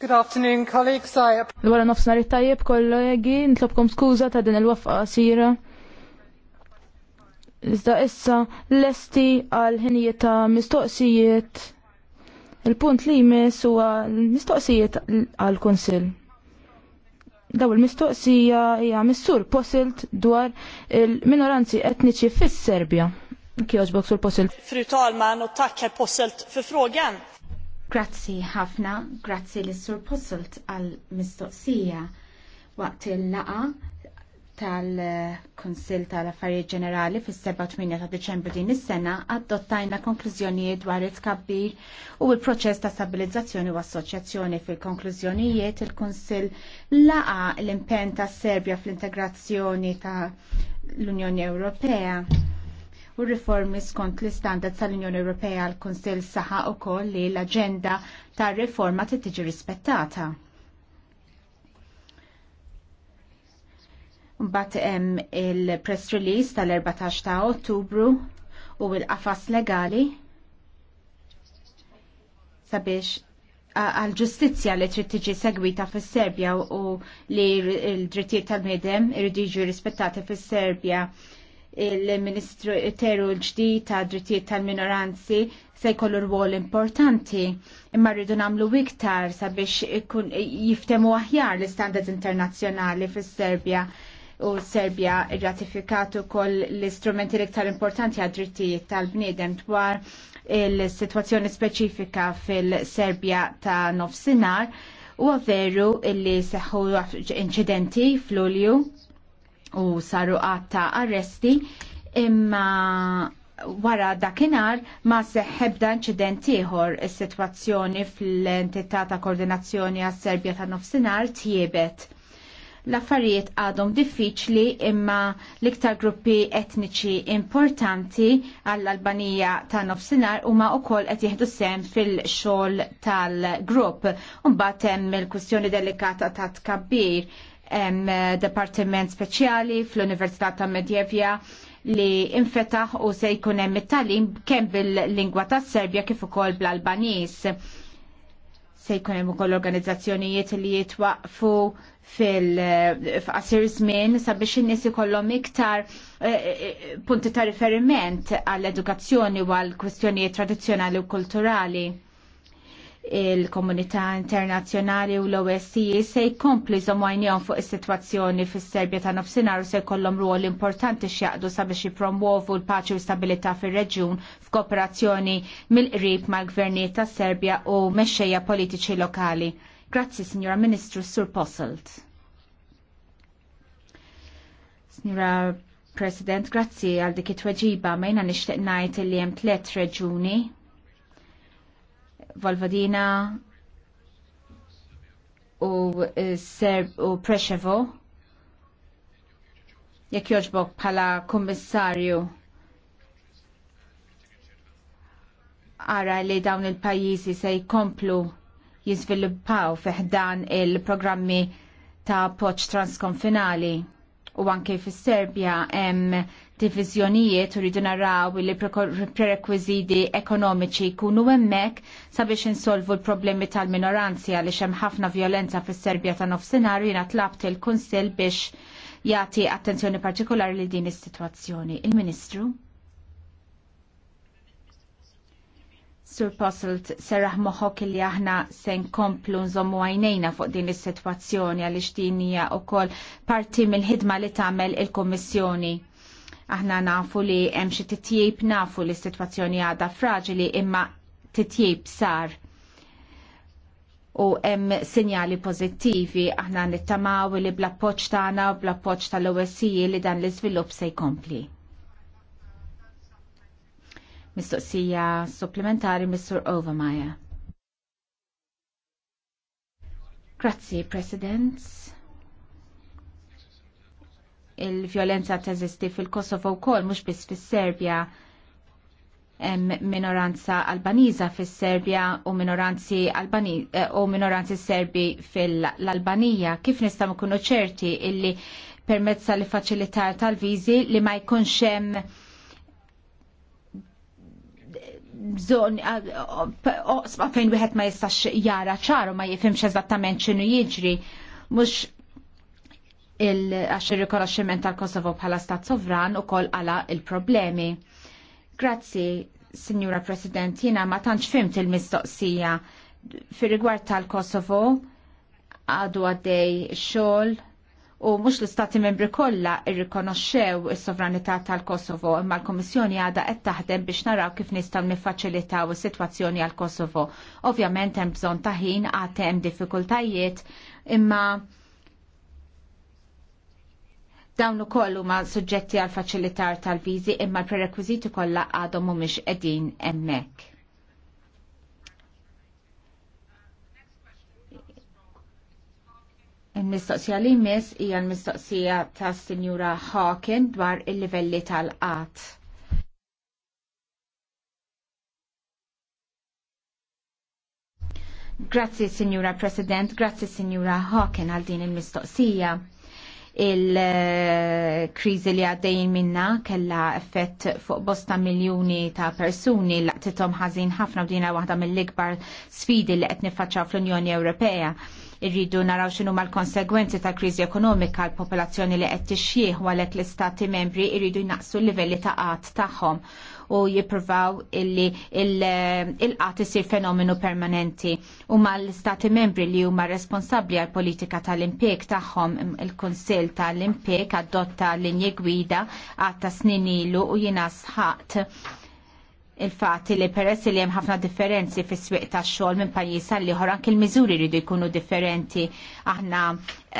Good afternoon, colleagues. I... l nofs nar it-tajjeb kollegi, nitlobkom skuza ta' din il-wafqa sira. Iżda issa lesti għal ħinijiet ta' mistoqsijiet. Il-punt li jmiss huwa mistoqsijiet għal konsil. Daw il-mistoqsija hija missur posilt dwar il-minoranzi etniċi fis-Serbja. Kjoġbok sur posilt. Fru talman, u takk herr posilt för frågan. Grazzi ħafna, grazzi l sur Posselt għal mistoqsija waqt il-laqa tal-Konsil tal-Affarijiet Ġenerali fis-7-8 ta' Deċembru din is-sena adottajna konklużjonijiet dwar it-kabbir u l-proċess ta' stabilizzazzjoni u assoċjazzjoni fil-konklużjonijiet il-Konsil laqa l-impenn ta' Serbja fl-integrazzjoni ta' l-Unjoni Ewropea u riformi skont l-istandard tal-Unjoni Ewropea għal kunsill saħa u koll li l-agenda tar riforma tiġi rispettata. Mbagħad hemm il-press release tal-14 ta' Ottubru u l-qafas legali sabiex għal-ġustizja li trid tiġi segwita fis-Serbja u li l-drittijiet tal medem irid jiġu rispettati fis-Serbja il-Ministru Teru l-ġdid ta' drittijiet tal-minoranzi se jkollu rwol importanti imma rridu nagħmlu iktar sabiex jiftemu aħjar l-istandards internazzjonali fis-Serbja u Serbja rratifikat ukoll l-istrumenti l-iktar importanti għad drittijiet tal-bniedem dwar il-sitwazzjoni speċifika fil-Serbja ta' nofsinhar u veru illi seħħu inċidenti fl-ulju u saru għatta arresti imma wara dakinhar ma seħħebda inċident ieħor is-sitwazzjoni fl-entità ta' koordinazzjoni għas serbja ta' nofsinhar tjiebet. L-affarijiet għadhom diffiċli imma l-iktar gruppi etniċi importanti għall-Albanija ta' nofsinhar huma wkoll qed jieħdu sem fil-xogħol tal-grupp. Imbagħad hemm il-kwistjoni delikata ta' tkabbir Eh, departiment speċjali fl-Università ta' Medjevja li infetaħ u se jkun hemm it tagħlim kemm bil-lingwa tas-Serbja kif ukoll bl-Albaniż. Se jkun hemm ukoll organizzazzjonijiet li jitwaqfu fil-qasir eh, żmien sabiex in-nies ikollhom iktar eh, punti ta' riferiment għall-edukazzjoni u għall kwistjonijiet tradizzjonali u kulturali il-komunità internazzjonali u l-OSCE se jkompli għajnijom fuq is-sitwazzjoni fis-Serbja ta' nofsinhar u se jkollhom ruol importanti x'jaqdu sabiex jipromuovu l-paċi u stabilità fir-reġjun f'kooperazzjoni mill-qrib mal-gvernijiet ta' Serbja u mexxejja politiċi lokali. Grazzi, Signora Ministru Sur Posselt. Signora President, grazzi għal dik it-tweġiba ma jina nixtieq ngħid li hemm tliet reġuni Valvadina u eh, Serb u Preshevo jekk joġbok bħala kummissarju ara li dawn il-pajjiżi se jkomplu jiżviluppaw fiħdan il-programmi ta' poċ transkonfinali u anke fis-Serbja hemm diviżjonijiet u rridu naraw li prerekwiżiti ekonomiċi jkunu hemmhekk sabiex insolvu l-problemi tal-minoranzi għaliex hemm ħafna violenza fis-Serbja ta' nofsinhar jiena tlabt il-Kunsill biex jagħti attenzjoni partikolari li din is-sitwazzjoni. Il-Ministru. Sur Posselt, serraħ moħok li aħna sen komplu nżommu għajnejna fuq din is-sitwazzjoni għal ixtinija u kol parti mill-ħidma li tagħmel il-Kommissjoni. Aħna nafu li hemm xi titjib nafu li s-sitwazzjoni għadha fraġili imma titjib sar u hemm sinjali pożittivi aħna nittamaw li bla appoġġ tagħna u bla appoġġ tal osi li dan l-iżvilupp se jkompli. Mistoqsija supplementari Mr. Overmeyer. Grazzi, President. Il-violenza teżisti fil-Kosovo u kol, mux bis fil-Serbia, minoranza albaniza fil-Serbia u minoranzi, albani, eh, u minoranzi serbi fil-Albanija. Kif nistam kunu ċerti illi permezza li faċilitar tal-vizi li ma jkunx hemm bżon oqsma fejn wieħed ma jistax jara ċaru ma jifimx eżattament x'inhu jiġri mhux għax ir-rikonoxximent tal-Kosovo bħala stat sovran ukoll għala il-problemi. Grazzi, Signora President, jiena ma tantx fimt il-mistoqsija fir rigward tal-Kosovo għadu għaddej xogħol u mhux l-istati membri kollha irrikonoxxew is-sovranità tal-Kosovo imma l-Kummissjoni għadha qed taħdem biex naraw kif nistgħu niffaċilitaw is-sitwazzjoni għall kosovo Ovvjament hemm bżonn ta' ħin għad hemm diffikultajiet imma dawn ukoll huma suġġetti għal faċilitar tal-viżi imma l-prerekwiżiti kollha għadhom mhumiex qegħdin hemmhekk. Il-mistoqsija li jmiss hija l-mistoqsija ta' Sinjura Hawken dwar il-livelli tal-qat. Grazzi, Sinjura President, grazzi, Sinjura Hawken, għal din il-mistoqsija il-krizi li għaddejn minna kella effett fuq bosta miljoni ta' persuni laqtitom ħażin ħafna u dina waħda mill-ikbar sfidi li qed nifaċċaw fl-Unjoni Ewropea Irridu naraw x'inhu mal-konsegwenzi ta' kriżi ekonomika l popolazzjoni li qed tixjih għalhekk l-istati membri irridu jnaqsu l-livelli ta' qatt tagħhom u jippruvaw illi il-qat isir fenomenu permanenti u mal-istati membri li huma responsabbli għal politika tal-impjeg tagħhom il-Kunsill tal-Impjeg adotta linji gwida għatta snin ilu u jiena sħaqt il-fatt li peress li hemm ħafna differenzi fis swieq tax-xogħol minn pajjiż għal ieħor anke l-miżuri jridu jkunu differenti. Aħna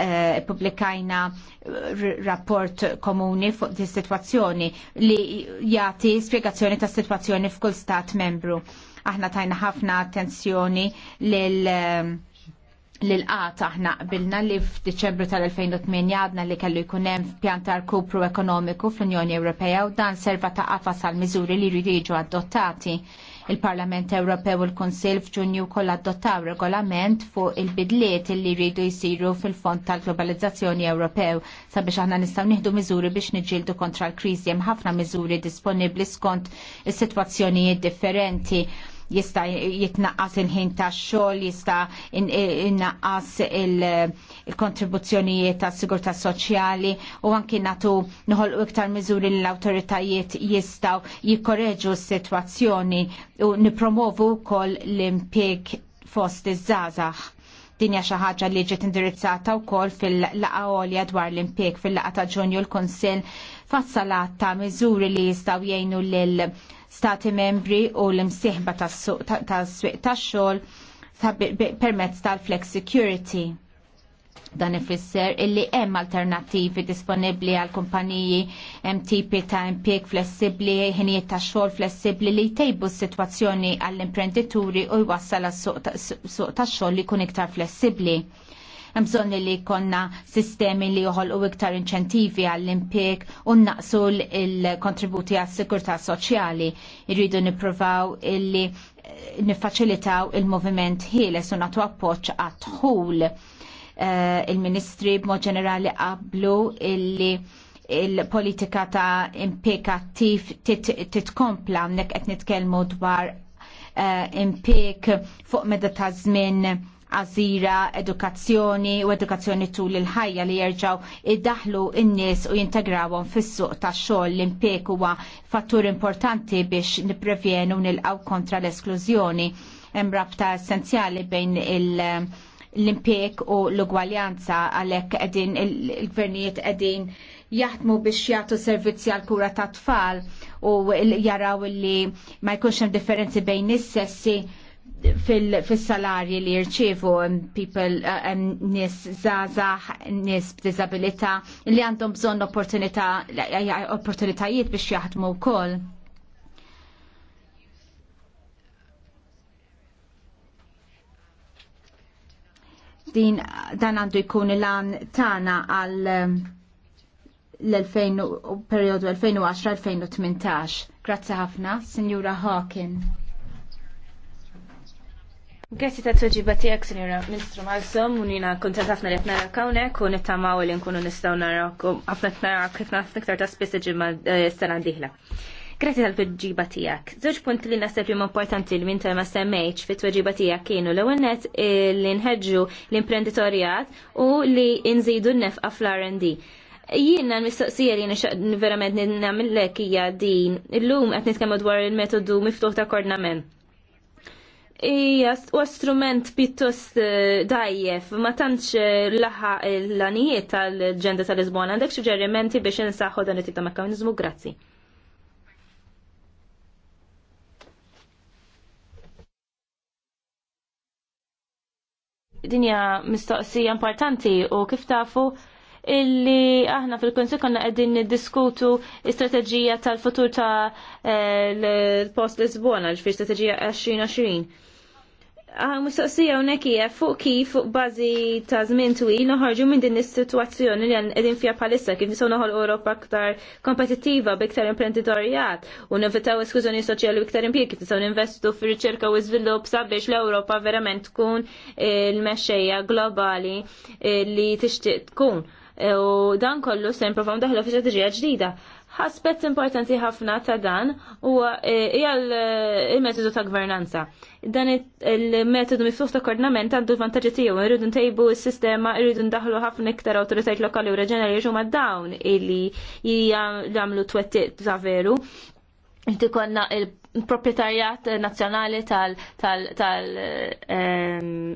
eh, pubblikajna eh, rapport komuni fuq di sitwazzjoni li jagħti spjegazzjoni ta' sitwazzjoni f'kull stat membru. Aħna tajna ħafna attenzjoni lil eh, l-qat aħna qbilna li f'Diċembru tal-2008 għadna li kellu jkun hemm pjantar kupru ekonomiku fl-Unjoni Ewropea u dan serva ta' qafas għal miżuri li jridu adottati. Il-Parlament Ewropew u l-Kunsill f'Ġunju wkoll adottaw regolament fuq il-bidliet li jridu jsiru fil-Fond tal-Globalizzazzjoni Ewropew sabiex aħna nistgħu nieħdu miżuri biex niġġieldu kontra l-kriżi hemm ħafna miżuri disponibbli skont is-sitwazzjonijiet differenti jista jitnaqqas il-ħin tax xogħol, jista jitnaqqas il-kontribuzzjonijiet tas sigurtà soċjali u anki natu noħolqu iktar miżuri l awtoritajiet jistgħu jikkoreġu s-sitwazzjoni u nipromovu wkoll l-impjeg fost iż-żgħażagħ dinja xi ħaġa li ġiet indirizzata wkoll fil-laqa għolja dwar l-impjeg fil-laqa ta' Ġunju l-Kunsill fassalat ta' miżuri li jistgħu jgħinu lil stati membri u l-imsieħba tas-suq tax-xogħol permezz tal-flex security. Dan ifisser illi hemm alternattivi disponibbli għal kumpaniji hemm tipi ta' impjeg flessibbli, ħinijiet ta' xogħol flessibbli li jtejbu s-sitwazzjoni għall imprendituri u jwassal għas suq tax xogħol li jkun iktar flessibbli Hemm bżonn li jkollna sistemi li joħolqu iktar inċentivi għall-impjeg u naqsu l-kontributi għas-sigurtà soċjali. Irridu nippruvaw illi eh, nifacilitaw il-moviment ħieles u nagħtu appoġġ għat-tħul. Eh, il-ministri b'mod ġenerali qablu illi il-politika ta' impik attiv titkompla tit nek qed nitkellmu dwar uh, fuq meta ta' żmien għazira, edukazzjoni u edukazzjoni tul il-ħajja li jerġaw iddaħlu in-nies u jintegrawhom fis-suq tax-xogħol l-impjeg huwa fattur importanti biex nipprevjenu nilqaw kontra l-esklużjoni. Hemm rabta essenzjali bejn il- l-impiek u l-ugwaljanza għalek għedin il-gvernijiet għedin jaħdmu biex jagħtu servizzi għal kura ta' tfal u jaraw li ma jkunx hemm differenzi bejn is-sessi fil-salarji li jirċievu um, people uh, um, nies zazah, nies b'diżabilità li għandhom bżonn opportunità opportunitajiet biex jaħdmu wkoll. Din dan għandu jkun il-għan tana għal um, l-2000 periodu 2010-2018. Grazzi ħafna, Signora Hawkins. Grazzi ta' t-soġiba tijak, Sinjora Ministru Malsom, unina kontent ħafna li għetna kawnek, u nittamaw li nkunu nistaw narakom, għafna t-narak, għafna t-niktar ta' spessa ġimma eh, s-sena diħla. Grazzi tal-tweġiba tijak. Zoġ punt li nasib li importanti li minta ma semmejċ fit tweġiba tijak kienu l net eh, li nħedġu l-imprenditorijat u li nżidu n-nefqa fl-R&D jiena l-mistoqsija li verament namillek hija din. Illum qed nitkellmu dwar il-metodu miftuħ ta' koordinament u strument pittos eh, dajjef ma tantx eh, laħa l-anijiet tal-ġenda tal-Lisbona għandek suġġerimenti biex insaħħu dan it tita ta' grazzi. Dinja mistoqsija importanti u kif tafu illi aħna fil-Konsil konna għedin diskutu strategija tal-futur ta' eh, l-post Lisbona, ġifir strategija 2020 Mistoqsija unek hija fuq kif fuq bażi ta' żmien twil noħorġu minn din is-sitwazzjoni li qegħdin fiha bħalissa kif nistgħu noħol Ewropa aktar kompetittiva b'iktar imprenditorjat u nevitaw eskużjoni soċjali u iktar impjieg kif nistgħu ninvestu fir-riċerka u iżvilupp sabiex l-Ewropa verament tkun il-mexxejja globali eh, li tixtieq tkun. Eh, u dan kollu se nipprovaw daħlu fi strateġija ġdida. Aspett importanti ħafna ta' dan huwa eh, hija eh, l-metodu ta' gvernanza. Dan il-metodu miftuħ ta' koordinament għandu vantaġġi tiegħu, irridu ntejbu s-sistema, irridu ndaħlu ħafna iktar awtoritajiet lokali u reġjonali ma dawn illi jagħmlu twettiq ta' veru. Inti konna il-proprjetarjat nazzjonali tal ehm,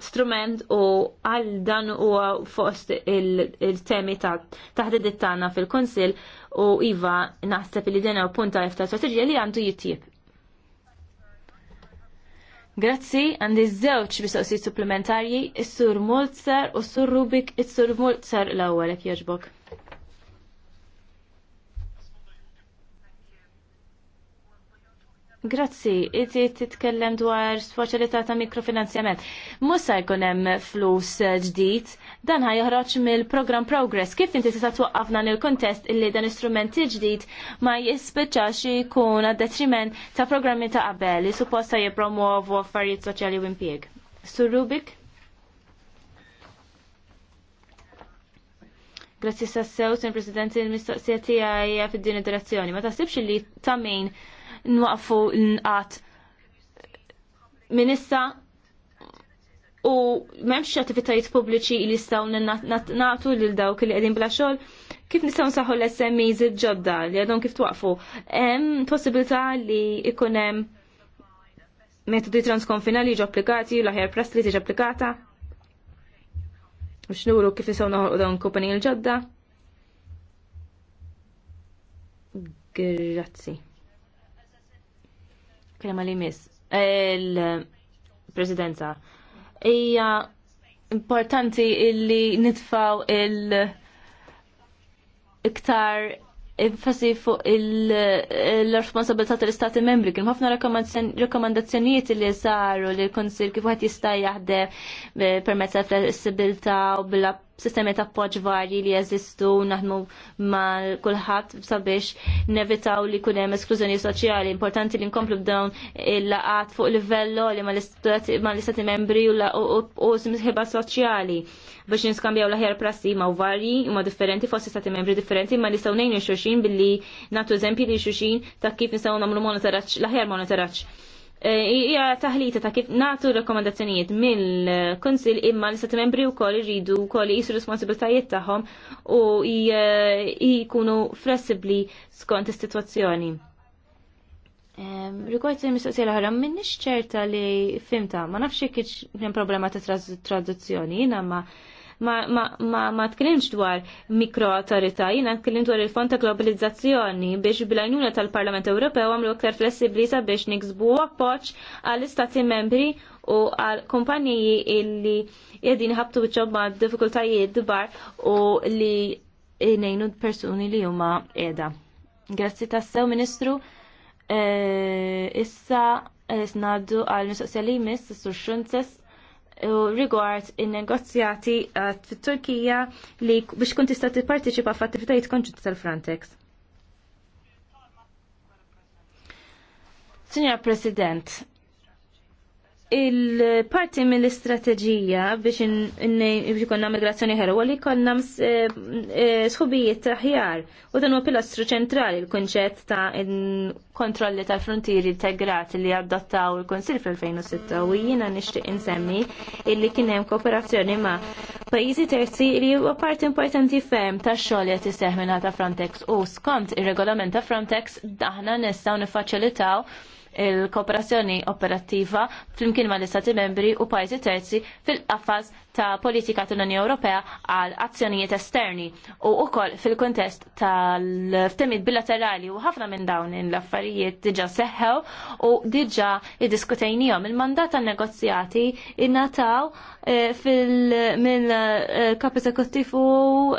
strument u għal dan u fost il-temi ta' taħdidit tagħna fil-Konsil u iva naħseb li dena punta jifta strategija li għandu jittib. Grazzi, għandi zewċ bisoqsi supplementarji, s sur Mulzer u s-sur Rubik, is-sur Mulzer l-ewwel jieġbok. jogħġbok. Grazzi, iti titkellem dwar sfaċilità ta' mikrofinanzjament. Musa jkun hemm flus ġdid dan ħaj joħroġ mill-program Progress. Kif inti tista' twaqqafna nil kontest illi dan istrument ġdid ma jispiċċax ikun għad detriment ta' programmi ta' qabel li supposta jippromuovu affarijiet soċjali u impjieg. Sur Rubik? Grazzi sassew, sen Presidenti, il-mistoqsija tiegħi fid-din id-direzzjoni. Ma taħsibx li ta' min nwaqfu nqat minissa u memx attivitajiet pubbliċi li staw natu lil dawk li qegħdin bla xogħol, kif nistgħu nsaħħu l-SMEs ġodda li għadhom kif twaqfu. Hemm possibilità li ikun hemm metodi transkonfinali jiġu applikati, l-aħjar press li tiġi applikata. U x'nuru kif nistgħu noħolqu dawn kumpaniji l-ġodda. Grazzi. Kelma li miss. Il-presidenza hija importanti illi nitfaw il- iktar enfasi fuq il-responsabilità tal-Istati membri. Kien ħafna rekomandazzjonijiet li saru li l-Konsil kif għat jista' jaħdem eh, permezz tal flessibilità u bil Sistemi ta' appoġġ varji li jeżistu naħdmu mal kulħadd sabiex nevitaw li kunem hemm esklużjoni soċjali. Importanti li nkomplu b'dawn il-laqat fuq livello li ma l-istati membri u smiħiba soċjali biex nskambjaw l-ħjar prassi ma' varji u ma' differenti fost istati membri differenti ma' nistaw nejn xuxin billi natu eżempji li xuxin ta' kif nistaw namlu monitoraċ, l-ħjar monitoraċ hija taħlita ta' kif nagħtu rekomendazzjonijiet mill konsil imma l-istat membri wkoll iridu wkoll jisu responsibiltajiet tagħhom u eh, jkunu flessibbli skont is-sitwazzjoni. Rikward li mistoqsija l ħara minnix ċerta li fimta, ma nafx jekk hemm problema ta' traduzzjoni, jina ma' ma ma tkellimx dwar mikroautorità, jiena tkellim dwar il-fond ta' globalizzazzjoni biex bil-għajnuna tal-Parlament Ewropew għamlu aktar flessibbli sabiex niksbu appoġġ għall-istati membri u għal kompaniji illi jedin ħabtu bċobba diffikultajiet dbar u li d persuni li huma edha. Grazzi tassew, Ministru. Eh, issa eh, snaddu għal mistoqsija li jmiss, s-sur Xunzes, rigward in-negozjati uh, fit-Turkija li biex kun tista' tipparteċipa f'attivitajiet konġunti tal-Frontex. Signor President, il-parti mill-istrateġija biex biex konna migrazzjoni ħerwa għalli konna eh, eh, sħubijiet taħjar u dan huwa pilastru ċentrali l-kunċett ta' kontrolli tal-frontieri integrati li adottaw il-Konsil fl-2006 u jiena nixtieq insemmi illi kien hemm kooperazzjoni ma' pajjiżi terzi li huwa parti importanti ferm tax-xogħol qed iseħħ ta' Frontex u skont ir-regolament ta' Frontex daħna nistgħu niffaċilitaw il-kooperazzjoni operattiva flimkien ma l-Istati membri u pajzi terzi fil-qafas ta' politika tal-Unjoni Ewropea għal azzjonijiet esterni u wkoll fil-kontest tal-ftemid bilaterali u ħafna minn dawn l-affarijiet diġa seħħew u diġa iddiskutejnijom il-mandat tan negozjati innataw eh, minn eh, kap eżekuttiv u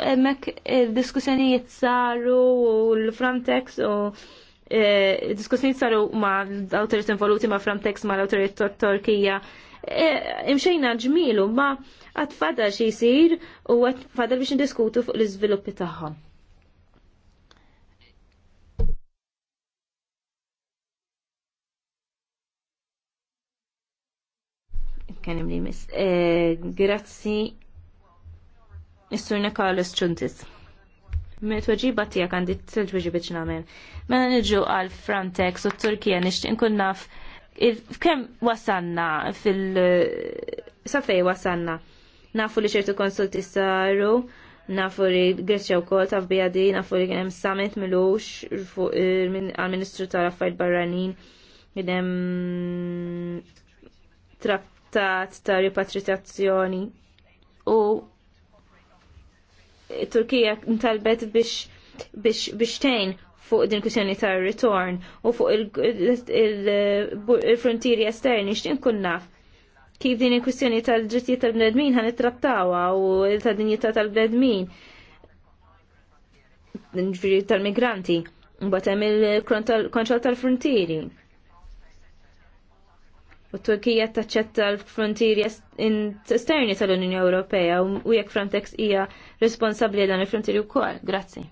hemmhekk il-diskussjonijiet saru u l-Frontex u Eh, diskussjoni saru ma' l-autorit involuti ma' Framtex ma' l-autorit Torkija. Eh, imxejna ġmilu ma' għatfada xie jisir u għatfada biex ndiskutu fuq l-izviluppi tagħhom. Kien imli mis. Eh, grazzi. Is-surna Carlos Ċuntis mit-tweġiba tiegħek għandi t-tweġiba ċinamen. Mela niġu għal Frontex u Turkija nixtieq nkun naf wasanna fil- safej wasanna. Nafu li ċertu konsulti saru, nafu li Greċja u kol taf bijadi, nafu li kienem summit milux għal-Ministru tal-Affarijiet Barranin, kienem trattat ta' ripatriazzjoni u Turkija ntalbet biex tejn fuq din kwistjoni tar ritorn u fuq il-frontieri esterni x'tin kun naf kif din il tal-dinjità tal-bnedmin ġviri tal-migranti mbatem il-kontrol tal-frontieri. tal-ġittijiet tal-bnedmin ħan trattawa u ta' dinjità tal-bnedmin ġviri tal-migranti u hemm il-kontroll tal-frontieri. tal frontieri u Turkija taċċetta l-frontieri esterni tal-Unjoni Ewropea u jekk Frontex hija responsabbli dan il-frontieri wkoll. Grazzi.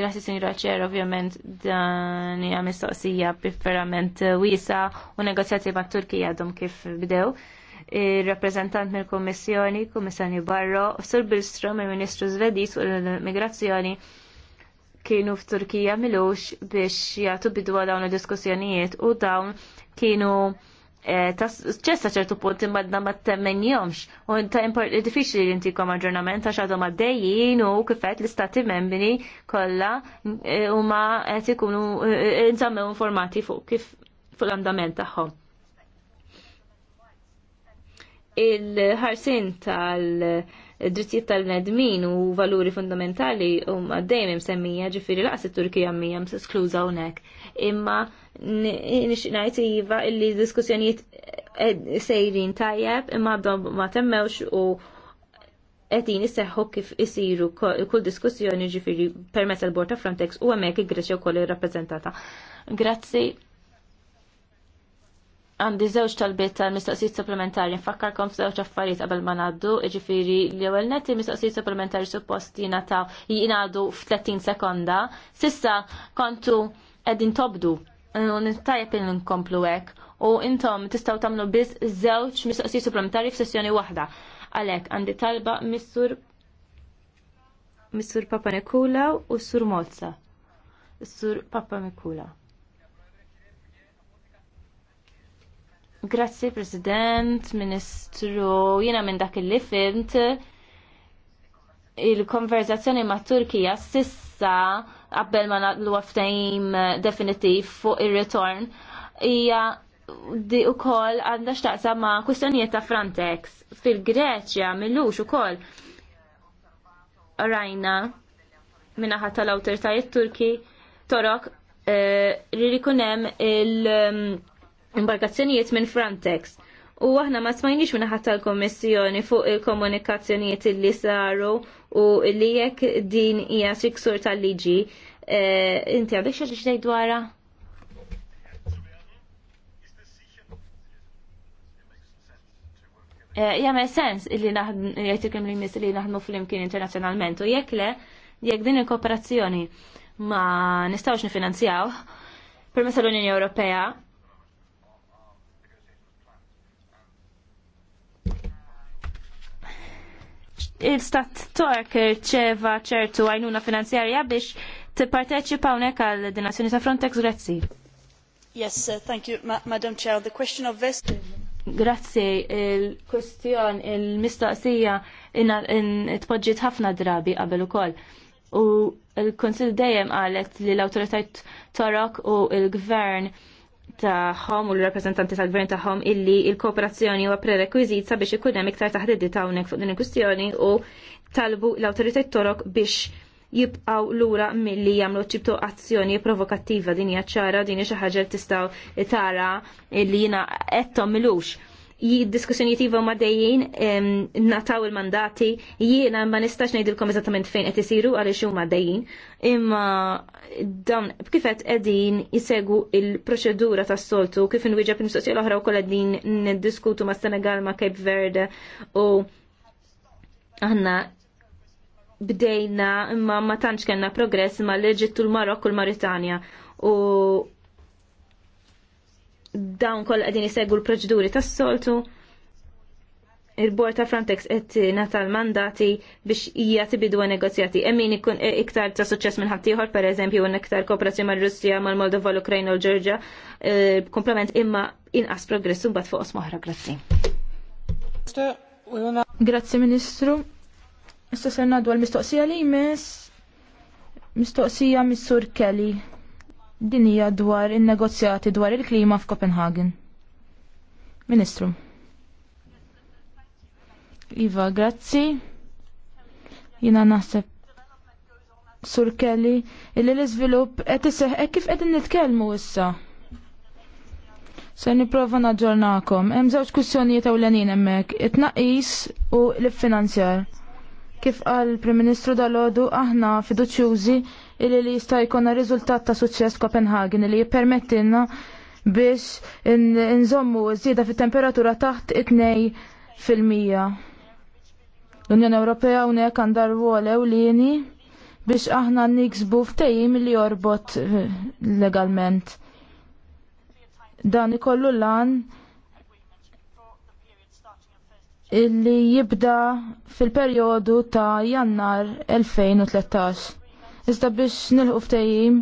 Grazzi Sinjora Ċer, ovvjament dan hija mistoqsija bifferament wiesa u negozjati ma' Turkija dom kif bdew. Il-rappresentant mill-Kommissjoni, Kummissarju Barro, Sur Bilstrom, il-Ministru Zvedis u l-Migrazzjoni kienu f'Turkija milux biex jagħtu bidwa dawn id-diskussjonijiet u dawn kienu eh, ċessa ċertu punt imbadna ma temmenjomx u ta' diffiċli li intikom aġġornament għax għadhom għaddejjin u kifet l-istati membri kollha eh, huma qed ikunu eh, nżammew informati fuq kif fuq l-andament tagħhom. Il-ħarsin tal- drittijiet tal-nedmin u valuri fundamentali huma dejjem semmija ġifiri laqas turkija mija skluża hawnhekk. Imma nixtieq ngħid iva illi diskussjonijiet eh, sejrin tajjeb imma ma temmewx u qegħdin isseħħu kif isiru kull diskussjoni ġifiri permessa l bord ta' Frontex u hemmhekk il-Greċja wkoll irrappreżentata. Grazzi għandi żewġ talbiet tal-mistoqsijiet supplementari nfakkarkom f'żewġ affarijiet qabel ma ngħaddu, jiġifieri l-ewwel net il-mistoqsijiet supplementari suppost nataw jingħadu f'30 sekonda. Sissa kontu qegħdin tobdu u nittajjeb inkomplu hekk u intom tistgħu tagħmlu biss żewġ mistoqsijiet supplementari f'sessjoni waħda. Għalhekk għandi talba missur Missur Papa Nikula u Sur Mozza. Sur Papa Nikula. Grazzi President, Ministru, jina minn dak il-li fint il-konverzazzjoni ma' Turkija sissa qabel ma naqlu għaftajim definitiv fuq il-return hija di u għandha xtaqsa ma' kwistjonijiet ta' Frontex. Fil-Greċja millux u koll rajna minnaħat tal-autoritajiet Turki torok eh, li hemm il- imbarkazzjonijiet minn Frontex. U aħna ma smajniex minn ħadd tal-Kommissjoni fuq il-komunikazzjonijiet li saru u li jekk din hija siksur tal-liġi. Eh, inti għandek xi xejn dwarha? Eh, jagħmel sens illi naħdmu li mis li naħdmu fl-imkien internazzjonalment u jekk le jekk din il-kooperazzjoni ma nistgħux nifinanzjaw permezz l-Unjoni Ewropea il-stat Tork ċeva ċertu għajnuna finanzjarja biex tipparteċipa hawnhekk għal dinazzjoni ta' Frontex Grazzi. Yes, uh, thank you, Ma Madam Chair. The question of vest. Grazzi, il-kwestjon, il-mistaqsija tpoġġiet ħafna drabi qabel ukoll. U l-Konsil dejjem qalet li l autoritajt Torok u l-Gvern tagħhom u l-rappreżentanti tal-gvern tagħhom illi il-kooperazzjoni huwa prerekwiżit biex ikun hemm iktar taħdidi ta' hawnhekk fuq din il-kwistjoni u talbu l-awtoritajiet torok biex jibqaw lura milli jagħmlu ċibtu azzjoni provokattiva din hija ċara din hija xi ħaġa tistgħu tara li jiena qed milux jiddiskussjonijiet iva ma dejjin nataw il-mandati jiena ma nistax ngħidilkom eżattament fejn qed isiru għaliex huma dejjin imma dawn kifet qegħdin jisegu il-proċedura tas-soltu kif inwieġeb il-mistoqsija l-oħra wkoll qegħdin niddiskutu ma' Senegal ma' Cape Verde u aħna bdejna imma ma tantx kellna progress ma' l-Eġittu l-Marokk u l-Maritanja u dawn koll għadin jisegwu l-proċeduri tas-soltu il borta Frontex qed natal mandati biex hija tibidwa negozjati. Emmin ikun iktar ta' suċċess minn ħaddieħor pereżempju un iktar kooperazzjoni mal-Russja, mal-Moldova, l-Ukrajna u l-Ġorġja, eh, komplement imma inqas progress bat fuq osmoħra. Grazzi. Grazzi Ministru. Issa ser ngħidu mistoqsija li jmiss mistoqsija Missur Kelly. Din hija dwar in-negozjati dwar il-klima f'Copenhagen. Ministru. Iva, grazzi. Jina naħseb Sur Kelly, illi l-izvilup qed iseħ e kif qegħdin nitkellmu issa. Se nipprova naġġornakom. Hemm żewġ kwistjonijiet ewlenin hemmhekk, it-tnaqqis u l-iffinanzjar. Kif qal prim Ministru Dalodu aħna fiduċjużi illi li jista' jkollna riżultat ta' suċċess Copenhagen li jippermettilna biex nżommu żieda fit-temperatura taħt it-2 fil-mija. L-Unjoni Ewropea hawnhekk għandha rwol ewlieni biex aħna niksbu ftehim li jorbot eh, legalment. Dan ikollu lan illi jibda fil-perjodu ta' jannar 2013. Iżda biex nilħu ftejjim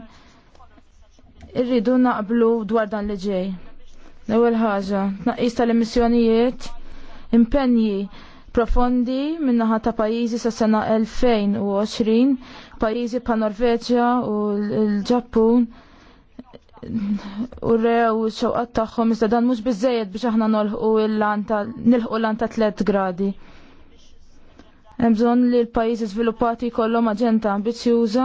irridu naqblu dwar dan li ġej. L-ewwel ħaġa, tnaqqis tal-emissjonijiet, impenji profondi minnaħa ta' pajjiżi sa' sena 2020, pajjiżi pa' Norveġja u l-Ġappun u rew xewqat tagħhom iżda dan mhux biżejjed biex aħna nolħu l-lan ta' nilħu l-lan ta' 3 gradi. Hemm bżonn li l-pajjiżi żviluppati jkollhom aġenda ambizjuża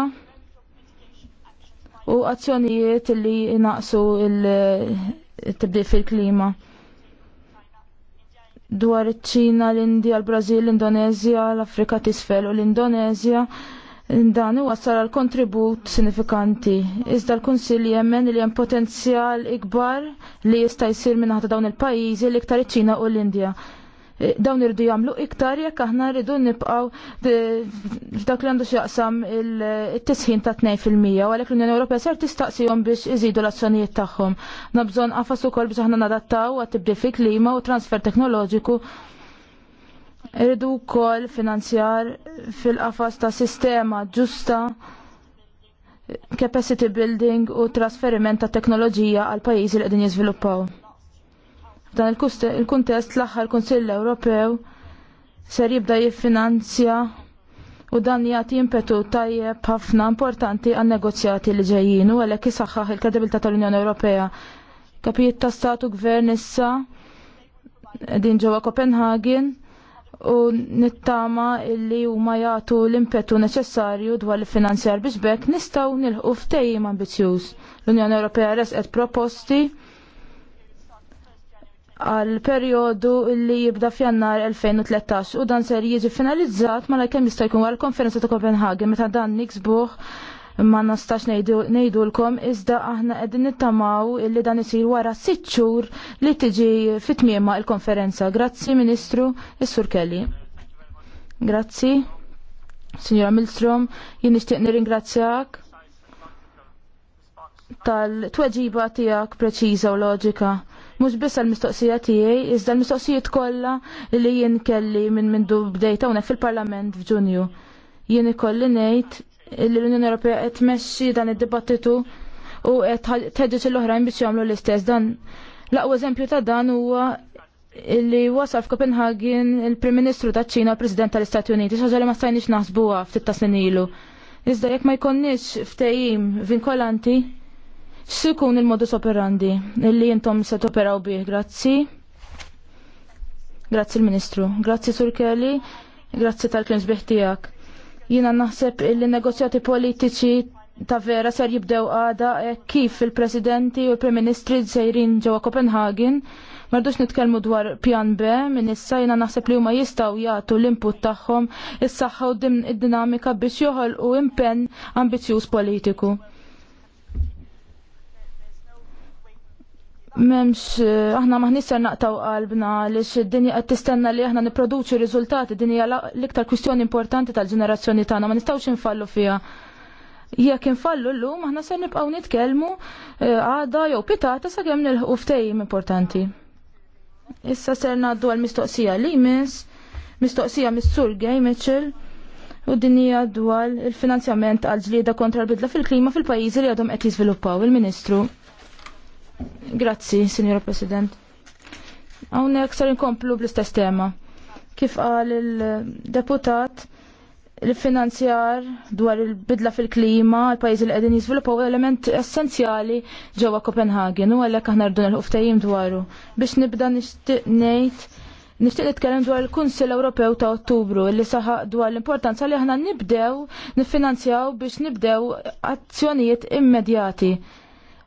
u azzjonijiet li jnaqsu il-tibdil fil-klima. Dwar iċ-Ċina, l-Indja, l-Brażil, l-Indonezja, l-Afrika tisfel u l-Indonezja dan huwa sar għal kontribut sinifikanti. Iżda l-Kunsill jemmen li hemm potenzjal ikbar li jista' jsir minn ħata dawn il-pajjiżi l-iktar iċ-Ċina u l-Indja dawn irridu jagħmlu iktar jekk aħna rridu nibqgħu f'dak li għandu x'jaqsam it-tisħin ta' 2% u għalhekk l-Unjoni Ewropea ser tistaqsihom biex iżidu l-azzjonijiet tagħhom. Nabżon qafas ukoll biex aħna nadattaw għat-tibdil fi klima u transfer teknoloġiku Irridu wkoll finanzjar fil-qafas ta' sistema ġusta capacity building u trasferiment ta' teknoloġija għal pajjiżi li qegħdin jiżviluppaw. F'dan il-kuntest l-aħħar Kunsill Ewropew ser jibda jiffinanzja u dan jagħti impetu tajjeb ħafna importanti għan negozjati li ġejjin u għalhekk isaħħaħ il-kredibilità tal-Unjoni Ewropea. Kapijiet ta' statu gvern issa din ġewwa Copenhagen u nittama illi huma jagħtu l-impetu neċessarju dwar il finanzjar biex bekk nistgħu nilħu ftehim ambizzjuż. L-Unjoni Ewropea resqet proposti għal periodu li jibda f'jannar 2013 u dan ser jiġi finalizzat ma kemm jista' jkun għal konferenza ta' Copenhagen meta dan niksbuh ma nastax nejdulkom iżda aħna qegħdin nittamaw illi dan isir wara sitt xhur li tiġi fit-tmiema l-konferenza. Grazzi Ministru Issur sur Kelly. Grazzi. Signora Milstrom, jien nixtieq nirringrazzjak tal-tweġiba tiegħek preċiża u loġika mhux biss għall-mistoqsija tiegħi, iżda l-mistoqsijiet kollha li jien kelli minn mindu bdejta hawnhekk fil-Parlament f'Ġunju. Jien ikolli ngħid li l-Unjoni Ewropea qed tmexxi dan id-dibattitu u qed teġġeġ l-oħrajn biex jagħmlu l-istess dan. L-aqwa eżempju ta' dan huwa li wasal f'Kopenhagen il-Prim Ministru ta' ċina u President tal-Istati Uniti, xaġa li ma stajniex naħsbuha ftit ta' ilu. Iżda jekk ma jkonniex ftehim vinkolanti, Sikun il-modus operandi illi jintom se toperaw bih, grazzi. Grazzi il-Ministru, grazzi Sur Kelly, grazzi tal-klims biħtijak. Jina naħseb illi negozjati politiċi ta' vera ser jibdew għada e kif il-presidenti u il-prem-ministri sejrin ġewwa Copenhagen. Mardux nitkellmu dwar pjan B minn issa jina naħseb li huma jistgħu jagħtu l-input tagħhom is-saħħa u id-dinamika biex joħolqu impenn ambizzjuż politiku. Memx, eh, aħna maħnis naqtaw qalbna li x dinja qed tistenna li aħna nipproduċu riżultati, din hija l-iktar kwistjoni importanti tal-ġenerazzjoni tagħna, ma nistgħux infallu fiha. Jekk infallu llum aħna ser nibqgħu nitkellmu eh, għada jew pitata sakemm nilħu ftehim importanti. Issa ser naddu għal mistoqsija li mis, mistoqsija mis-sur Gay Mitchell u din hija dwar il-finanzjament għal ġlieda kontra l-bidla fil-klima fil-pajjiżi li għadhom qed jiżviluppaw il-Ministru Grazzi, Signora President. Għawnek sar inkomplu bl-istess tema. Kif qal il-deputat, l-finanzjar dwar il-bidla fil-klima, il-pajizi li qegħdin jiżviluppaw element essenzjali ġewwa Copenhagen u għalhekk aħna rdu l-uftajim dwaru. Biex nibda nixtieq ngħid nixtieq nitkellem dwar il-Kunsill Ewropew ta' Ottubru li saħaq dwar l-importanza li aħna nibdew niffinanzjaw biex nibdew azzjonijiet immedjati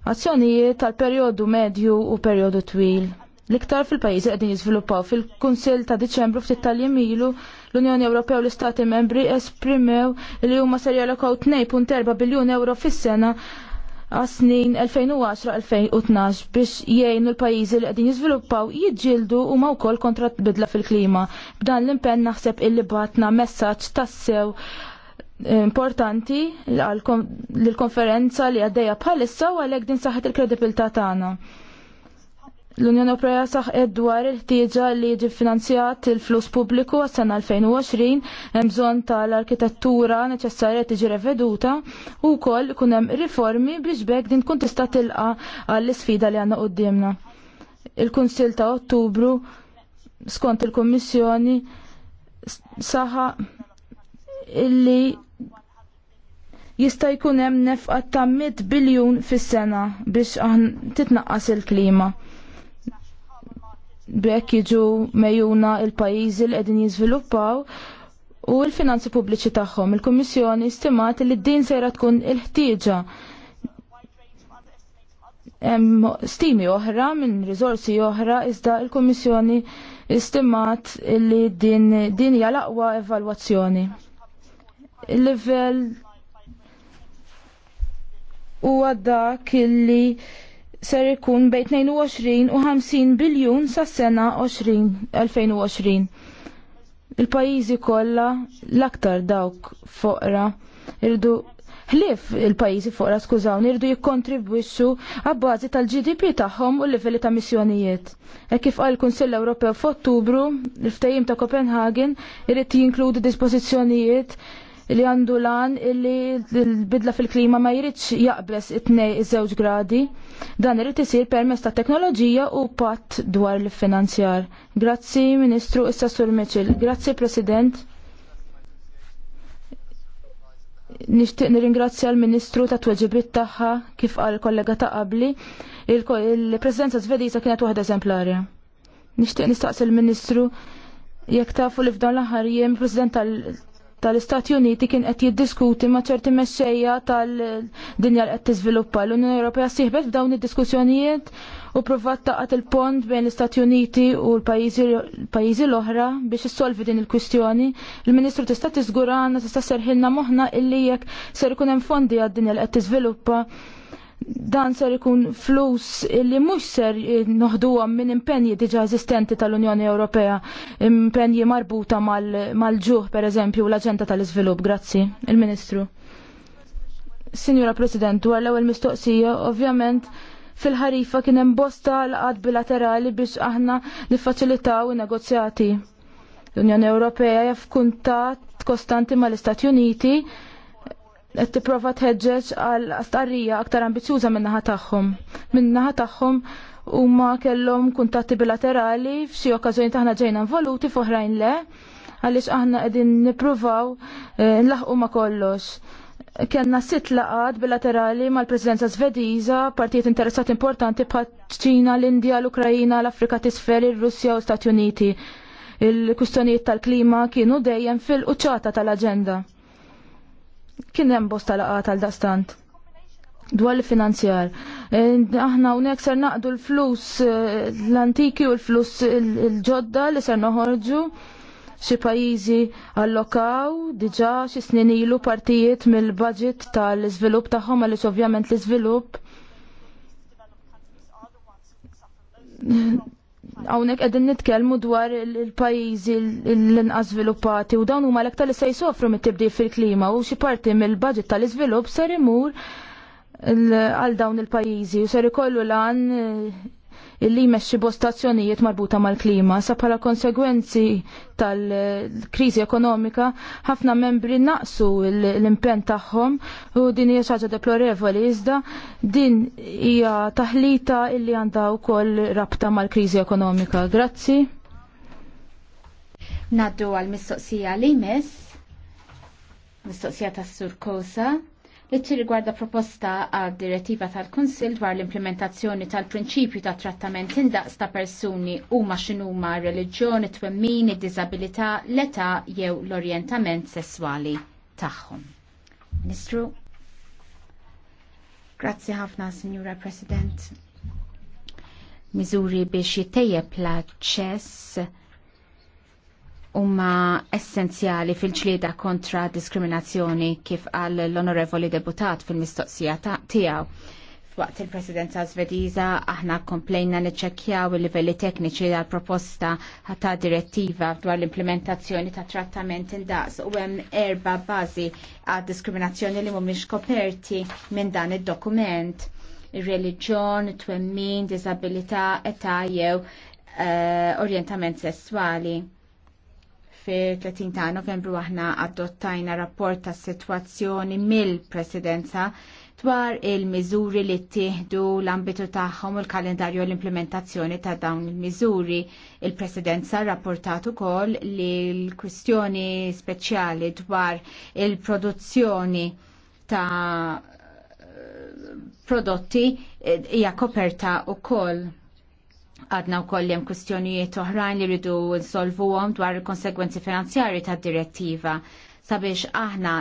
Azzjonijiet tal-perjodu medju u perjodu twil. L-iktar fil-pajjiżi qegħdin jiżviluppaw fil-Kunsill ta' Diċembru ftit tal-jiem ilu l-Unjoni Ewropew u l-Istati Membri esprimew li huma ser jalokaw 2.4 biljun euro fis-sena għas-snin 2010-2012 biex jgħinu l-pajizi li għedin jizviluppaw jidġildu u ma' wkoll kontra bidla fil-klima. B'dan l-impenn naħseb illi batna messaċ tassew importanti l-konferenza li għaddeja bħalissa u għalek din saħet il kredibilta tagħna. L-Unjoni Ewropea saħqet dwar il-ħtieġa li jiġi finanzjat il-flus pubbliku għas-sena 2020 hemm bżonn tal-arkitettura neċessarja tiġi reveduta u wkoll ikun hemm riformi biex bekk din tkun tista' tilqa għall-isfida li għandna qudiemna. Il-Kunsil ta' Ottubru skont il-Kummissjoni saħa illi jista' jkun hemm nefqa ta' 100 biljun fis-sena biex titnaqqas il-klima. B'hekk jiġu mejjuna il-pajjiżi li qegħdin jiżviluppaw u l-finanzi pubbliċi tagħhom. Il-Kummissjoni stimat li din sejra tkun il-ħtieġa stimi oħra minn riżorsi oħra iżda l-Kummissjoni stimat li din hija l-aqwa evalwazzjoni il-level u għaddak illi ser ikun bej 22 u 50 biljun sa sena 20, 2020. Il-pajizi kolla l-aktar dawk foqra irdu ħlif il-pajizi foqra skużaw irdu jikkontribwixxu għabbażi tal-GDP tagħhom u l-livelli ta' missjonijiet. E kif għal kunsill Ewropew f'Ottubru, l ftajim ta' Copenhagen irid jinkludi dispożizzjonijiet li għandu lan li l-bidla fil-klima ma jridx jaqbes it-nej iż-żewġ gradi. Dan irid isir permess ta' teknoloġija u patt dwar l-finanzjar. Grazzi, Ministru Issa Sur Mitchell. Grazzi, President. Nixtieq nirringrazzja l-Ministru ta' tweġibiet tagħha kif qal kollega ta' qabli. Il-Presidenza Svediża kienet waħda eżemplarja. Nixtieq nistaqsi l-Ministru jekk tafu li f'dan l-aħħar jiem President tal tal-Istati Uniti kien qed jiddiskuti ma' ċerti mexxejja tal-dinja li qed tiżviluppa. L-Unjoni Ewropea sieħbet f'dawn id-diskussjonijiet u provat taqat il-pont bejn l-Istati Uniti u l-pajjiżi l-oħra biex issolvi din il-kwistjoni. Il-Ministru tista' tiżgurana tista' serħilna moħħna illi jekk ser ikun hemm fondi għad-dinja li qed tiżviluppa dan ser ikun flus li mhux ser eh, noħduhom minn impenji diġà eżistenti tal-Unjoni Ewropea, impenji marbuta mal-ġuħ pereżempju u l-Aġenda tal-Iżvilupp. Grazzi, il-Ministru. Signora President, u l-ewwel mistoqsija, ovvjament fil-ħarifa kien hemm bosta laqgħat bilaterali biex aħna niffaċilitaw in-negozjati. L-Unjoni Ewropea hija kuntat kostanti mal-Istati Uniti qed tipprova tħeġġeġ għal starrija aktar ambizjuża min-naħa tagħhom. Min-naħa tagħhom huma kellhom kuntatti bilaterali f'xi okkażjoni taħna ġejna involuti f'oħrajn le għaliex aħna qegħdin nippruvaw eh, nlaħqu ma' kollox. Kenna sitt laqad bilaterali mal-Presidenza Svediża, partijiet interessati importanti bħal ċina, l-Indja, l-Ukrajina, l-Afrika t'isfel, ir-Russja u Stati Uniti. Il-kustonijiet tal-klima kienu dejjem fil-quċċata tal-aġenda kien hemm bosta laqgħa tal-dastant dwar l-finanzjar. E, aħna unek ser naqdu l-flus e, l-antiki u l-flus l-ġodda li ser noħorġu xi pajjiżi allokaw diġà xi snin ilu partijiet mill-budget tal-iżvilupp tagħhom għaliex ovvjament l-iżvilupp Hawnhekk qegħdin nitkellmu dwar il-pajjiżi l-inqas żviluppati u dawn huma l-aktar li se jsofru mit-tibdil fil-klima u xi parti mill-baġit tal-iżvilupp ser imur għal dawn il-pajjiżi u ser ikollu lan eh, illi jmexxi bostazzjonijiet marbuta mal-klima sa bħala konsegwenzi tal-kriżi ekonomika ħafna membri naqsu l-impenn tagħhom u din hija xaġa deplorevoli iżda din hija taħlita illi għandha wkoll rabta mal-kriżi ekonomika. Grazzi. Naddu għal mistoqsija li mis, mistoqsija tas-sur Kosa li tirrigwarda proposta għad direttiva tal-Kunsil dwar l-implementazzjoni tal-prinċipju ta' trattament indaqs ta' persuni huma x'inhuma reliġjoni, twemmin, id-diżabilità, l-età jew l-orjentament sesswali tagħhom. Ministru. Grazzi ħafna, Signora President. Miżuri biex jittejjeb l ċess huma essenzjali fil-ġlieda kontra diskriminazzjoni kif għal l-onorevoli deputat fil-mistoqsija tiegħu. Waqt il-Presidenza Svediża aħna komplejna niċċekkjaw il-livelli tekniċi għal proposta ta' direttiva dwar l-implementazzjoni ta' trattament indaqs u hemm erba bażi għad diskriminazzjoni li mhumiex koperti minn dan id-dokument ir-reliġjon, twemmin, disabilità, età jew uh, eh, orjentament sessuali fi 30 ta' novembru aħna adottajna rapport ta' situazzjoni mill-presidenza dwar il-miżuri li tieħdu l-ambitu tagħhom u l-kalendarju l-implementazzjoni ta' dawn il-miżuri. Il-presidenza rapportat ukoll li l-kwistjoni speċjali dwar il-produzzjoni ta' prodotti eh, hija koperta ukoll Għadna u kollem kustjonijiet oħrajn li rridu nsolvu għom dwar il-konsegwenzi finanzjari ta' direttiva sabiex aħna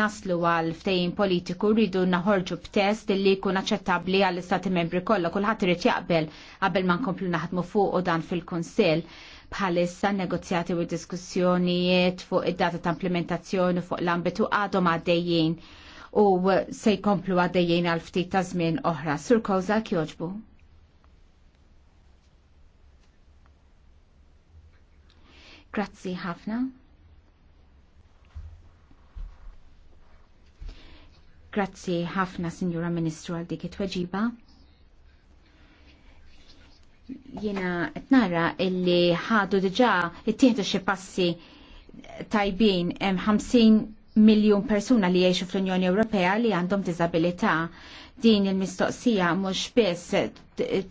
naslu għal ftejn politiku rridu naħorġu b'test li jkun aċċettabbli għall istati membri kollha kulħadd irid jaqbel qabel ma nkomplu naħdmu fuq u dan fil-Kunsill bħalissa negozjati u diskussjonijiet fuq id-data ta' implementazzjoni fuq l-ambitu għadhom għaddejjin u se jkomplu għaddejjin għal ftit ta' żmien oħra. Sur kawża kjoġbu. Grazzi ħafna. Grazzi ħafna, Signora Ministru, għal dik it-tweġiba. Jena etnara illi ħadu diġa it-tieħdu xi passi tajbin hemm 50 miljon persuna li jgħixu fl-Unjoni Ewropea li għandhom diżabilità din il-mistoqsija mhux biss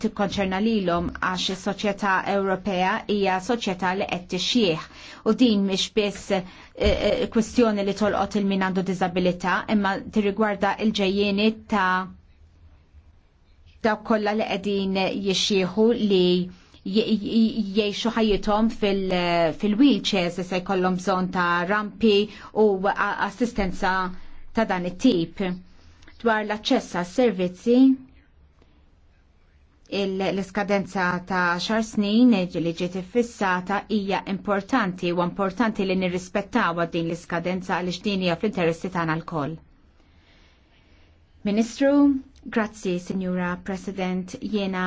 tikkonċerna lilhom għax is-soċjetà Ewropea hija soċjetà li qed tixjieħ u din mhix biss e, e, kwestjoni li tolqot il min għandu diżabilità imma tirrigwarda l-ġejjieni ta' dawk kollha li qegħdin jixxieħu li jiexu ħajjithom fil-wheelchairs se jkollhom bżonn ta' rampi u assistenza ta' dan it-tip dwar l-aċċess għas servizzi l-iskadenza ta' xar snin li ġiet ifissata hija importanti u importanti li nirrispettaw din l-iskadenza għal din hija fl-interessi tagħna lkoll. Ministru, Grazzi, Signora President, jiena